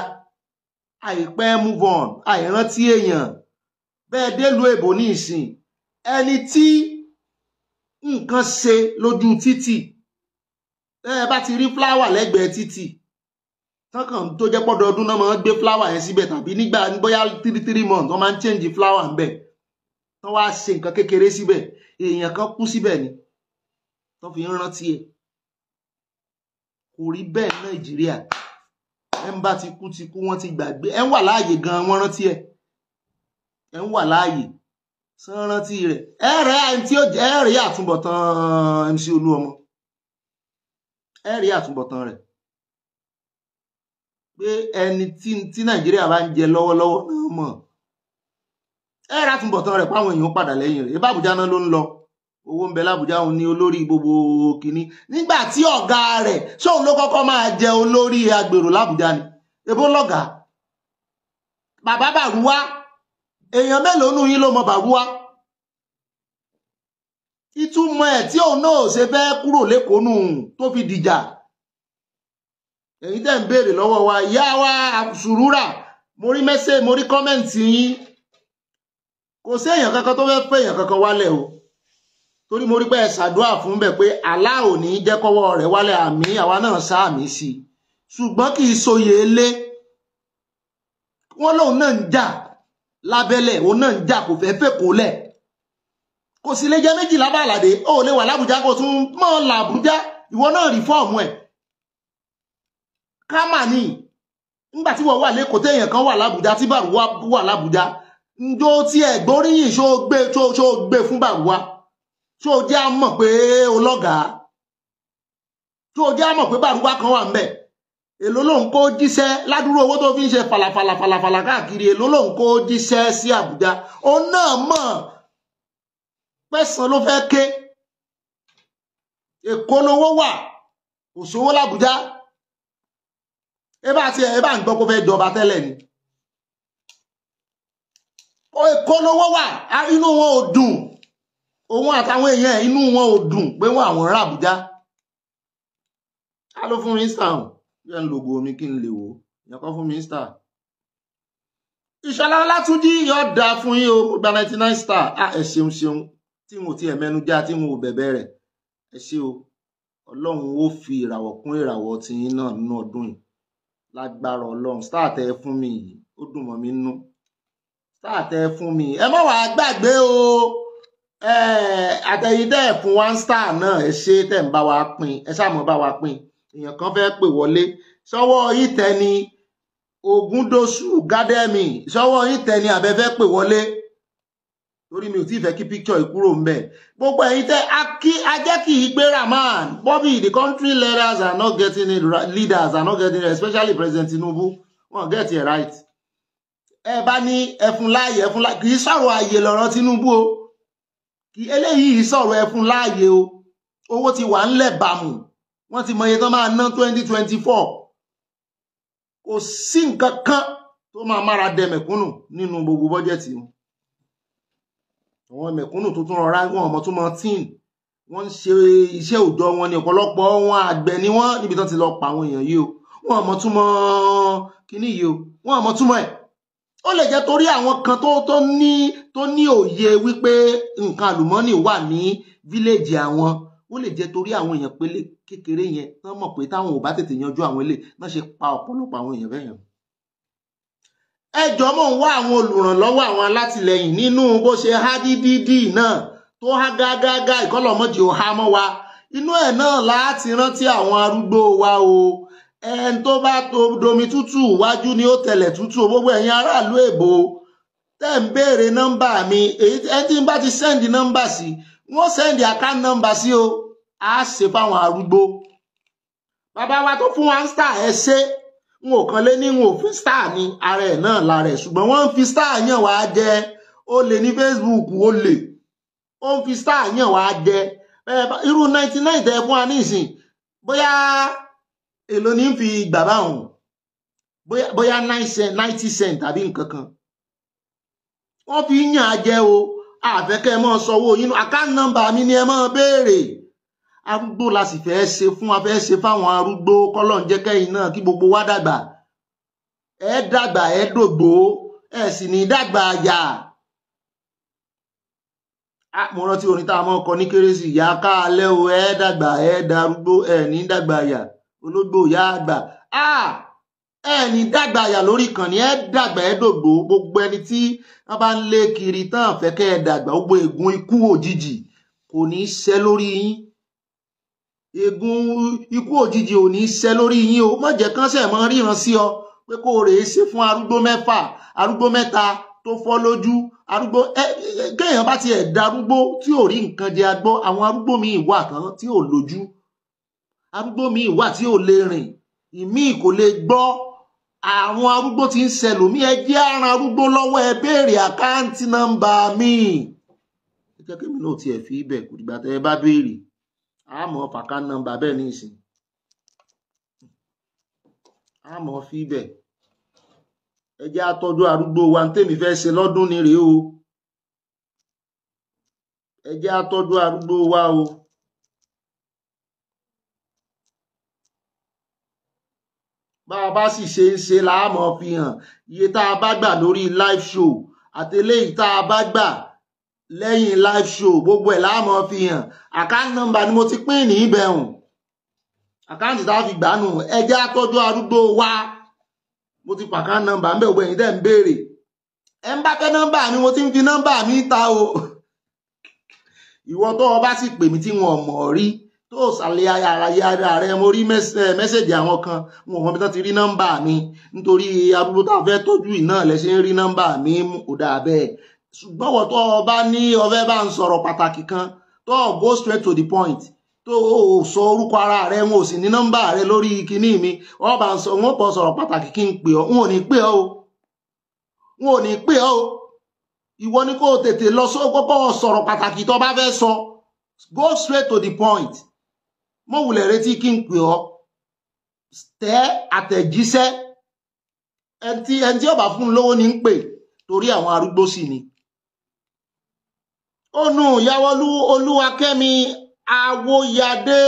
àìpẹ́ move on àìrántí èèyàn bẹ́ẹ̀ délùú èbò ní ìsìn ẹni tí nǹkan ṣe lójú títì ẹ bá ti rí fúláwà lẹ́gbẹ̀ẹ́ títì tọkàn tó jẹ́ pọ́dọọdún náà máa ń gbé fúláwà yẹn síbẹ̀ tàbí nígbà bóyá three three months wọ́n máa ń change fúláwà ń bẹ̀ tó wá ṣe nǹkan kékeré síbẹ̀ èèyàn kan kú síbẹ̀ ni tó fi ń rántí ẹ kò rí bẹ́ẹ̀ Nàìjíríà ẹ ń bá ti kú ti kú wọ́n ti gbàgbé ẹ ń wà láàyè gan wọ́n rántí ẹ ẹ ń wà láàyè sán rántí rẹ̀ ẹ rẹ̀ ẹni tí ẹ rí àtúbọ̀tán MC Olúọmọ ẹ rí àtúbọ̀tán rẹ̀ pé ẹni tí Nàìjíríà bá ń jẹ lọ́wọ́lọ́wọ́ náà mọ̀ ẹ rà tún bọ̀tán rẹ̀ páwọn èèyàn padà lẹ́yìn rẹ̀ ibà àbújá náà ló ń lọ owó ń bẹ lábújá òun ní olórí gbogbo kínní nígbà tí ọ̀gá rẹ̀ sóun ló kọ́kọ́ máa jẹ olórí agbèrò lábújá ni ebó lọ́gàá bàbá bàrúwá èèyàn mélòó nù yín ló mọ bàrúwá ìtumọ̀ ẹ̀ tí òun náà ṣe fẹ́ kúrò lẹ́kọ̀ọ́ nù tó fi dìjà èyí tẹ̀ ń béèrè lọ́wọ́ wa ìyá wa Surura mo rí mẹ́sẹ̀ mo rí kọ́mẹ́ǹtì yín kò sí èèyàn kankan tó fẹ́ẹ́ fẹ́ èèyàn kankan wálẹ̀ o torí mo rí pé ẹ ṣàdúrà fún bẹ̀ pé Allah ò ní jẹ́ kọ́wọ́ rẹ̀ wálẹ̀ àmì àwa náà sáàmì sí i ṣùgbọ́n kì í soyè elé wọ́n lóun náà ń jà lábẹ́lẹ̀ òun náà ń jà kò fẹ́ fẹ́ kó lẹ̀ kò sì lè jẹ́ méjìlá bàlàdé ó lè wà lábùjá kó tún mọ́ làbújá ìwọ náà rí fọ́ọ̀mù ẹ̀ ká mà ní nígbà tí wọ́n wà lẹ́kọ̀ọ́ téèyàn kan wà lábùjá tí bàrù wà lábùjá njó tí ẹ̀gbọ́n oríyìn ṣó gbé ṣó gbé fún bàbá ṣó jẹ́ á mọ̀ pé ọlọ́gàá ṣó jẹ́ á mọ̀ pé bàbá kan wà ń bẹ̀ èló lòun kó jíṣẹ́ ládùúró owó tó fi ń ṣe fàlàfàlàfàlàfàlà káàkiri èló lòun kó jíṣẹ́ sí Àbújá òun náà mọ̀ pẹ̀sán ló fẹ́ ké Èkó lowó wà òṣòwò làbújá ẹ bá tiẹ̀ ẹ bá ń gbọ́ kó fẹ́ jọba tẹ́lẹ̀ ni èkó lówó wà inú wọn ò dùn òun àtàwọn èèyàn inú wọn ò dùn pé wọn àwọn ará àbújá a ló fún mínísítà hàn yẹn lògò omi kí n lè wò yẹn kọ́ fún mínísítà ìṣọ̀lá ọlátúnjí yóò dá fún yín o gba ninety nine star a ẹ ṣeun ṣeun tí wọn ò tiẹ̀ mẹ́nu já tí wọn ò bẹ̀bẹ̀ rẹ̀ ẹ ṣé o ọlọ́run ó fi ìràwọ̀ kún ìràwọ̀ tiyín náà nínú ọdún yìí lágbára ọlọ́run star tẹ fún mi yìí ó dùn mọ́ mi nú star tẹ fún mi ẹ má wàá gbàgbé o àtẹ̀yìn dẹ́ fún one star náà ẹ ṣe tẹ̀ ń bá wa pín ẹ ṣàmọ́ bá wa pín èèyàn kan fẹ́ pè wọlé sọ́wọ́ ìtẹ́ ni Ògúndòṣù gádẹ́mì sọ́wọ́ ìtẹ́ ni àbẹ́fẹ́ pè wọlé torí mi ò tí ì fẹ́ kí picture ìkúrò ń bẹ̀ gbogbo ẹ̀yin tẹ́ akí ajẹ́kì ìgbéra man Bobby the country leaders are not getting it leaders are not getting it especially President Tinubu wọn get it right ẹ bá ní ẹfun láàyè ẹfun láàyè kì í sọ̀rọ̀ ààyè lọ́rọ̀ Tinubu o kì eléyìí sọ̀rọ̀ ẹfun láàyè o owó ti wà ńlẹ̀ bàmù wọ́n ti mọ iye tán máa ná twenty twenty four kò sí nǹkan kan tó máa mára dẹ mẹ̀kúnnù nínú gbogbo bọ́jẹ̀tì wọn àwọn mẹ̀kúnnù tó tún rọra wọn ọmọ tó mọ tíìn wọ́n ń ṣe iṣẹ́ òòjọ́ wọn ní ọ̀pọ̀lọpọ̀ wọn àgbẹ̀ ni wọ́n níbi tán ti lọ pa àwọn èèyàn yìí o wọn ọmọ túmọ̀ kínní yìí o wọn ọmọ túmọ̀ ẹ̀ ó lè jẹ́ torí àwọn kan tó tó ní tó ní òye wípé nǹkan àlùmọ́nì wà ní fíléèjì àwọn ó lè jẹ́ torí àwọn èèyàn pélé kékeré yẹn tán mọ̀ pé táwọn ò bá tètè yanjú àwọn ilé náà ṣe pa ọ̀pọ̀lọpọ̀ àwọn èèyàn bẹ́ẹ̀ yẹn ẹjọ́ mọ̀ ń wá àwọn olùrànlọ́wọ́ àwọn alátìlẹyìn nínú bó ṣe há dídídì náà tó há gágágá ìkọlọ̀mọ́jì ò há mọ́ wa inú ẹ̀ náà láti rántí àwọn arúgbó wa o ẹn tó bá to domi tútù wájú ni ó tẹlẹ̀ tútù gbogbo ẹ̀yin aráàlú èbó tẹ́ ń béèrè nọ́mbà mi èyí ẹ tí ń bá ti sẹ́ndì nọ́mbà sí wọ́n sẹ́ndì account nọ́mbà sí o á ṣe fáwọn arúgbó bàbá wa tó fún wa ń star ẹ ṣe n ò kan lé ní n ò fi star ní ara ẹ̀ náà lára ẹ̀ ṣùgbọ́n wọ́n ń fi star yàn wá jẹ ó lè ní Facebook ó lè ó ń fi star yàn wá jẹ irú ninety nine tẹ fún wa ní ìsìn bóyá èló ní fi gbàbá òun bóyá nine cent ninety cent tàbí nǹkan kan wọ́n fi ń yàn á jẹ o àfẹ́kẹ́ ẹ mọ́ sanwó yín account number mi ni ẹ mọ́ béèrè arúgbó la sì fẹ́ ṣe fún wa fẹ́ ṣe fáwọn arúgbó kọ́lọ̀ ń jẹ́kẹ́yìn náà kí gbogbo wa dàgbà ẹ dàgbà ẹ dògbò ẹ sì ní dàgbà àyà mo rántí orin tá a mọ́ kọ ní kérésì ìyá káalẹ́ o ẹ dàgbà ẹ darúgbó ẹ ní dàgbà àyà ológbò ìyá àgbà ẹni dàgbà àyà lórí ìkànnì ẹ dàgbà ẹ dògbò gbogbo ẹni tí wọn bá ń lé kiri tán fẹkẹ ẹ dàgbà gbogbo ègún ikú òjijì kò ní í ṣẹ lórí yín ègún ikú òjijì ò ní í ṣẹ lórí yín o má jẹ́ kán ṣe mọ ríran sí ọ pé kó o rèé ṣe fún arúgbó mẹ́fà arúgbó mẹ́ta tó fọ́ lójú arúgbó ẹ kéèyàn bá tiẹ̀ darúgbó tí ò rí nǹkan jẹ agbọ́ àwọn arúgbó míì wà kan tí ò lójú arúgbó mi ìwà tí ò lè rìn ìmíì kò lè gbọ́ àwọn arúgbó ti ń ṣẹlòmí ẹ jẹ́ àrùn arúgbó lọ́wọ́ ẹ béèrè àkáǹtì nọ́mbà mi ẹ jẹ́ kémi náà tiẹ̀ fi ibẹ̀ kò dìgbà tẹ́ ẹ bá béèrè àmọ́ fàkà nọ́mbà bẹ́ẹ̀ ní ìsìn àmọ́ fi ibẹ̀ ẹ jẹ́ àtọ́jú arúgbó wa ní tèmi fẹ́ ṣe lọ́dún ni rèé o ẹ jẹ́ àtọ́jú arúgbó wa o. bá a bá sì ṣe ń ṣe láàmọ́ fi hàn iye tá a bá gbà lórí live show àti eléyìí tá a bá gbà lẹ́yìn live show gbogbo ẹ̀ láàmọ́ fi hàn account number ni mo ti pín ní ibẹ̀hùn àkáǹtì tá a fi gbà nù ẹ jẹ́ àtọ́jú arúgbó wa mo ti pàkà nọ́mbà ń bẹ̀ ògbẹ́ yìí dẹ̀ ń béèrè ẹ ń bá fẹ́ nọ́mbà mi mo ti ń fi nọ́mbà mi ta o ìwọ tó o bá sì pè mí tí wọn ò mọ̀ rí tó ṣàlàyé ara rẹ mo rí eh, àwọn kan wọn wọn ti rí nọ́mbà mi nítorí aburú tá a fẹ́ tọ́jú iná ṣe ń mi kò dà bẹ́ẹ̀ ṣùgbọ́n wọ́n tó o bá ní ọfẹ́ bá ń pàtàkì kan tó o go straight to the sọ orúkọ ara rẹ wọn ò sì ní rẹ lórí kinní mi bá ń sọ wọ́n sọ̀rọ̀ pàtàkì kí n pè ọ́ wọn ò ní pè ọ́ wọn ò go straight mọ́ wulẹ̀ retí kí n pè ọ́ tẹ́ àtẹ̀jíṣẹ́ ẹntí ẹntí ọba fún lówó ní ń pè torí àwọn arúgbó sì ni. ó nu ìyáwọ́lú olúwakẹ́mi awóyadé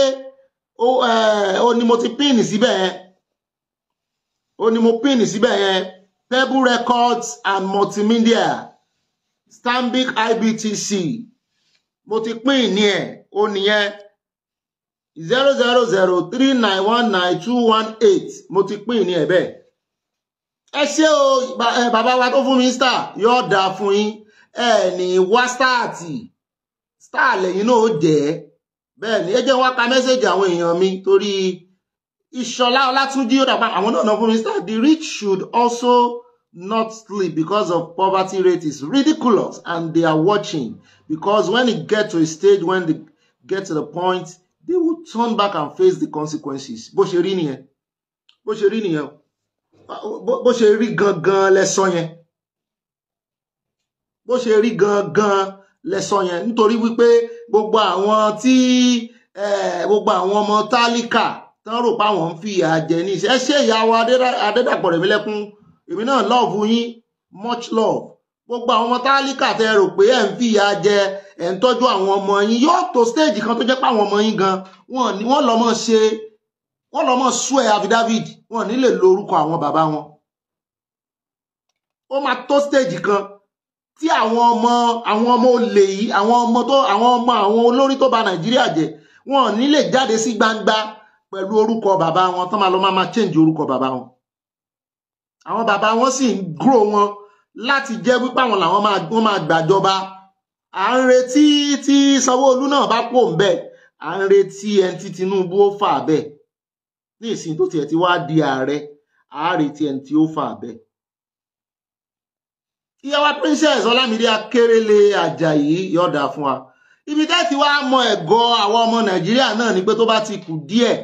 ó ní mo ti píìnì síbẹ̀ yẹn ó ní mo píìnì síbẹ̀ yẹn Pebble Records and Multimedia Stanbic IBTC mo ti pín ìní ẹ̀ ó nìyẹn zero zero zero three nine one nine two one eight mo ti pín ní ẹ̀ bẹ́ẹ̀ ẹ ṣé o bàbá wa tó fún mi star yóò dáa fún yín ẹ ní wá stáàtì star lẹ́yìn náà ó jẹ́ bẹ́ẹ̀ ni ẹ jẹ́ wá ka mẹ́sẹ̀gì àwọn èèyàn mi torí ìṣọlá ọlátúnjí ó dàgbà àwọn náà náà fún mi star the rich should also not sleep because of poverty rate is ridiculous and they are watching because when it get to a stage when they get to the point they will turn back and face the consequences bó ṣe rí nìyẹn bó ṣe rí nìyẹn bó ṣe rí gangan lẹ́sọ yẹn bó ṣe rí gangan lẹ́sọ yẹn nítorí wípé gbogbo àwọn tí gbogbo àwọn ọmọ tálíkà tán rò pa àwọn ń fi ìyà jẹ ní iṣẹ́ ṣé ìyàwó adédàpọ̀ rẹ̀ mi lẹ́kún èmi náà love yín much love gbogbo àwọn ọmọ tálíkà tẹ rò pé ẹ̀ ń fìyà jẹ ẹ̀ ń tọ́jú àwọn ọmọ yín yóò tó stéèjì kan tó jẹ́ páwọn ọmọ yín gan wọn ni wọ́n lọ́mọ ṣe wọ́n lọ́mọ sú ẹ̀ affidavit wọn ní lè lo orúkọ àwọn bàbá wọn ó máa tó stéèjì kan tí àwọn ọmọ àwọn ọmọ olè yìí àwọn ọmọ tó àwọn ọmọ àwọn olórí tó bà nàìjíríà jẹ́ wọn ní lè jáde sí gbangba pẹ̀lú orúkọ bàbá wọn tán máa lọ máa change orúkọ bàbá wọn àwọn bàbá wọn sì ń grow wọn láti jẹ́ wípé àwọn làwọn wọ́n máa gbàjọba à ń retí tí Sanwó-Olú náà bá pò ń bẹ̀ à ń retí ẹni tí Tinubu ó fà bẹ́ẹ̀ ní ìsìn tó tiẹ̀ ti wá di ààrẹ à á retí ẹni tí ó fà bẹ́ẹ̀. ìyáwá princess Ọlámídé Akérèlé Àjàyí yọ̀dà fún wa ibi tẹ́ ti wá mọ ẹ̀gọ́ àwọn ọmọ Nàìjíríà náà ni pé tó bá ti kù díẹ̀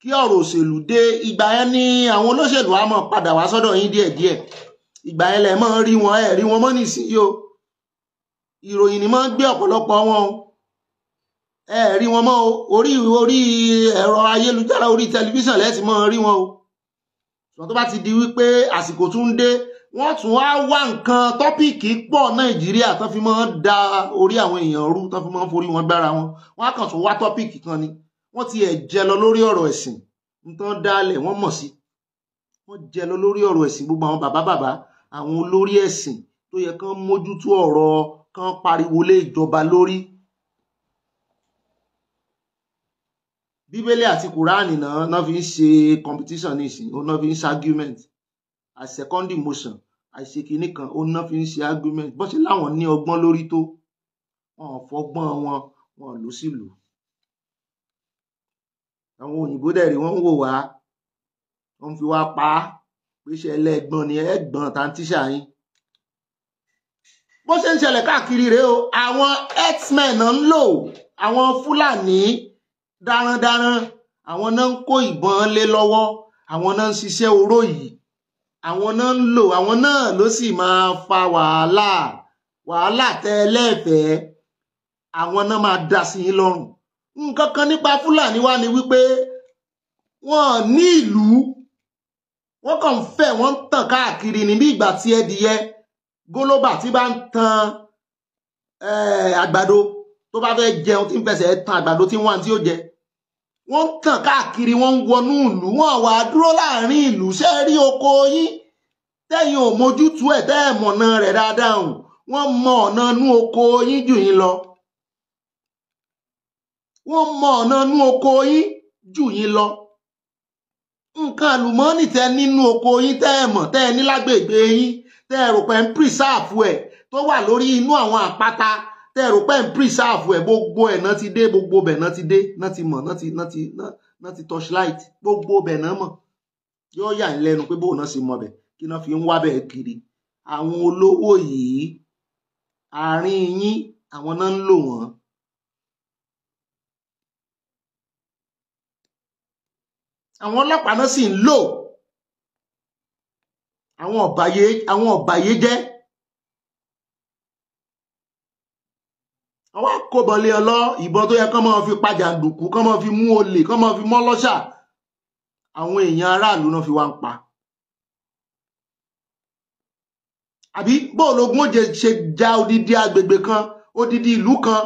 kí ọ̀rọ̀ òṣèlú dé ìgbà yẹn ni àwọn olóṣèlú á mọ̀ padà wá sọ́dọ̀ yín díẹ̀díẹ̀ ìgbà yẹn lẹ̀ máa ń rí wọn ẹ̀ rí wọn mọ́ nísìnyí o ìròyìn ni máa ń gbé ọ̀pọ̀lọpọ̀ wọn o ẹ̀ rí wọn mọ́ o orí orí ẹ̀rọ ayélujára orí tẹlifíṣàn lẹ́sìn máa rí wọn o ṣùgbọ́n tó bá ti di wípé àsìkò tún dé wọ́n tún wá wá nǹkan tọ́pìkì pọ̀ nàìjíríà tó fi máa da orí àwọn èèyàn rú tó fi máa ń forí wọn gbára wọn wọ́n á kàn tún wá tọ́pìkì kan ni wọ́n ti ẹ̀ jẹ lọ lórí ọ̀rọ̀ ẹ̀sìn nǹkan dálẹ̀ wọ́n mọ̀ sí wọ́n jẹ lọ lórí ọ̀rọ̀ ẹ̀sìn gbogbo àwọn bàbá bàbá àwọn olórí ẹ̀sìn tó yẹ kán mójútó ọ̀rọ̀ kán pariwo lé ìjọba lórí. bíbélì àti kùránì náà náà fi ń ṣe competition nìsín òun náà fi ń ṣe argument a second motion àìṣèkínní kan òun náà fi ń ṣe argument bó ṣe láwọn ní ọgbọ́n lórí tó wọn ò fọgbọ́n wọn wọn ló sì lò àwọn òyìnbó dẹ̀ rí wọ́n ń wò wá wọ́n fi wá pa á pé ṣe ẹlẹ́gbọ́n ni ẹ̀gbọ́n tantíṣà yín bó ṣe ń ṣẹlẹ̀ káàkiri rèé o àwọn herdsmen ń lò àwọn fúlàní darandaran àwọn náà ń kó ìbọn lé lọ́wọ́ àwọn náà ń ṣiṣẹ́ oró yìí àwọn náà ń lò àwọn náà ló sì máa fa wàhálà wàhálà tẹ ẹlẹ́fẹ̀ẹ́ àwọn náà máa dá sí yín lọ́rùn nǹkan kan nípa fúlàní Wa ni wípé wọ́n ní ìlú wọ́n kàn ń fẹ́ wọ́n ń tàn káàkiri ní bí ìgbà tí ẹdìyẹ gólóbà tí bá ń tan eh, àgbàdo tó bá fẹ́ jẹun tí ń fẹsẹ̀ tan àgbàdo tí wọ́n tí ó jẹ wọ́n ń tàn káàkiri wọ́n ń wọnú ìlú wọ́n wà á dúró láàrin ìlú ṣé rí oko yín tẹ́yìn ò mójútó ẹ̀ tẹ́ ẹ̀ mọ̀nà rẹ̀ dáadáa hùn wọ́n mọ ọ̀nà inú oko yín jù yín lọ wọ́n mọ ọ̀nà inú oko yín jù yín lọ nǹkan àlùmọ́ọ́nì tẹ nínú oko yín tẹ́ ẹ mọ̀ tẹ́ ẹ ní lágbègbè yín tẹ́ ẹ rò pé ń pírísáàfù ẹ̀ tó wà lórí inú àwọn àpáta tẹ́ ẹ rò pé ń pírísáàfù ẹ̀ gbogbo ẹ̀ náà ti dé gbogbo bẹ̀ náà ti dé náà ti mọ̀ náà ti náà ti náà ti torchlight gbogbo bẹ̀ náà mọ̀ yóò yà ń pé bóun náà ṣe mọ̀ bẹ̀ kí náà fi ń wá bẹ̀ kiri àwọn olówó yìí àárín yín àwọn náà ń lò wọ́n àwọn ọlọ́pàá náà sì ń lò àwọn ọ̀bàyé àwọn ọ̀bàyé jẹ́ àwọn akóbọlé ọlọ ìbọn tó yẹ kán máa fi pa jàǹdùkú kán máa fi mú olè kán máa fi mọ́ lọ́ṣà àwọn èèyàn aráàlú náà fi wá ń pa àbí bóòlù ogun òjè ṣe ja odidi agbègbè kan odidi ìlú kan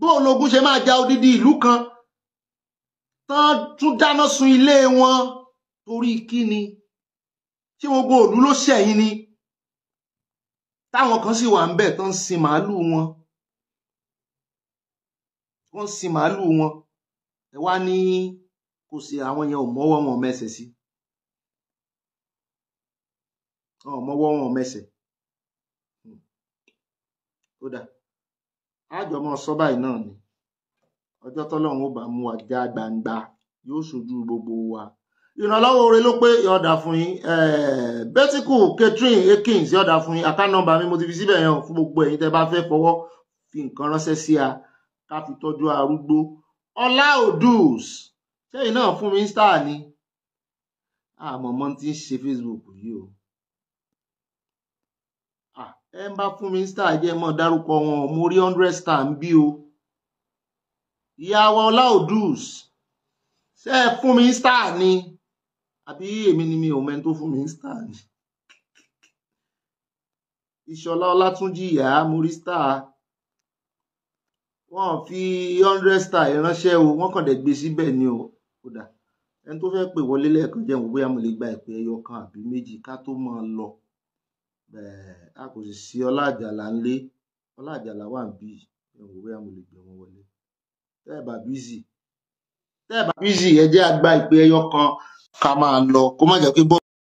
bóòlù ogun ṣe máa ja odidi ìlú kan tán tún dáná sun ilé wọn torí kí ni ṣé gbogbo òlú ló ṣẹ̀yìn ni táwọn kan sì wà ń bẹ̀ tán sin màálù wọn wọ́n sin màálù wọn ẹ wá ní kò sí àwọn yẹn ò mọ́wọ́ wọn mẹ́sẹ̀ sí wọn ò mọ́wọ́ wọn mẹ́sẹ̀ kódà àjọmọ sọ báyìí náà ni ọjọ́ tọ́lọ́run ó bá mú wa já gbangba yóò ṣojú gbogbo wa ìrànlọ́wọ́ oore ló pé yọ̀ọ̀dà fún yín bẹ́tíkù catherine akins yọ̀ọ̀dà fún yín àká nọ́mbà mi mo ti fi síbẹ̀ yẹn fún gbogbo ẹ̀yin tẹ́ bá fẹ́ fọwọ́ fi nǹkan ránṣẹ́ sí a ká fi tọ́jú arúgbó ọlá odus ṣẹ́yìn náà fún mi star ni àmọ̀mọ́ ti ń ṣe facebook yìí o ẹ ń bá fún mi star jẹ́ mọ́ dárúkọ wọn mo rí hundred star ń bí o ìyàwó ọláòdùs ṣe é fún mi star ni àbí èmi ni mi ò mẹ́ni tó fún mi star ni ìṣọ̀lá ọlátúnjì ìyá mórí star wọ́n fi hundred star ìránṣẹ́ o wọ́n kàn dẹ̀ gbé síbẹ̀ ni o kódà ẹni tó fẹ́ pè wọlé lẹ́ẹ̀kan jẹun bóyá mo lè gba ìpè ẹyọ kan àbí méjì ká tó máa lọ bẹ́ẹ̀ a kò sì sí ọlá àjàlá ńlé ọlá àjàlá wà ń bí ẹ̀wọ̀n bóyá mo lè gbé wọn wọlé tẹ́ ẹ̀ bá bízì tẹ́ ẹ̀ bá bízì ẹ jẹ́ àgbà ìpè ẹyọ kan ká máa lọ kó má jẹ́ pé bọ́.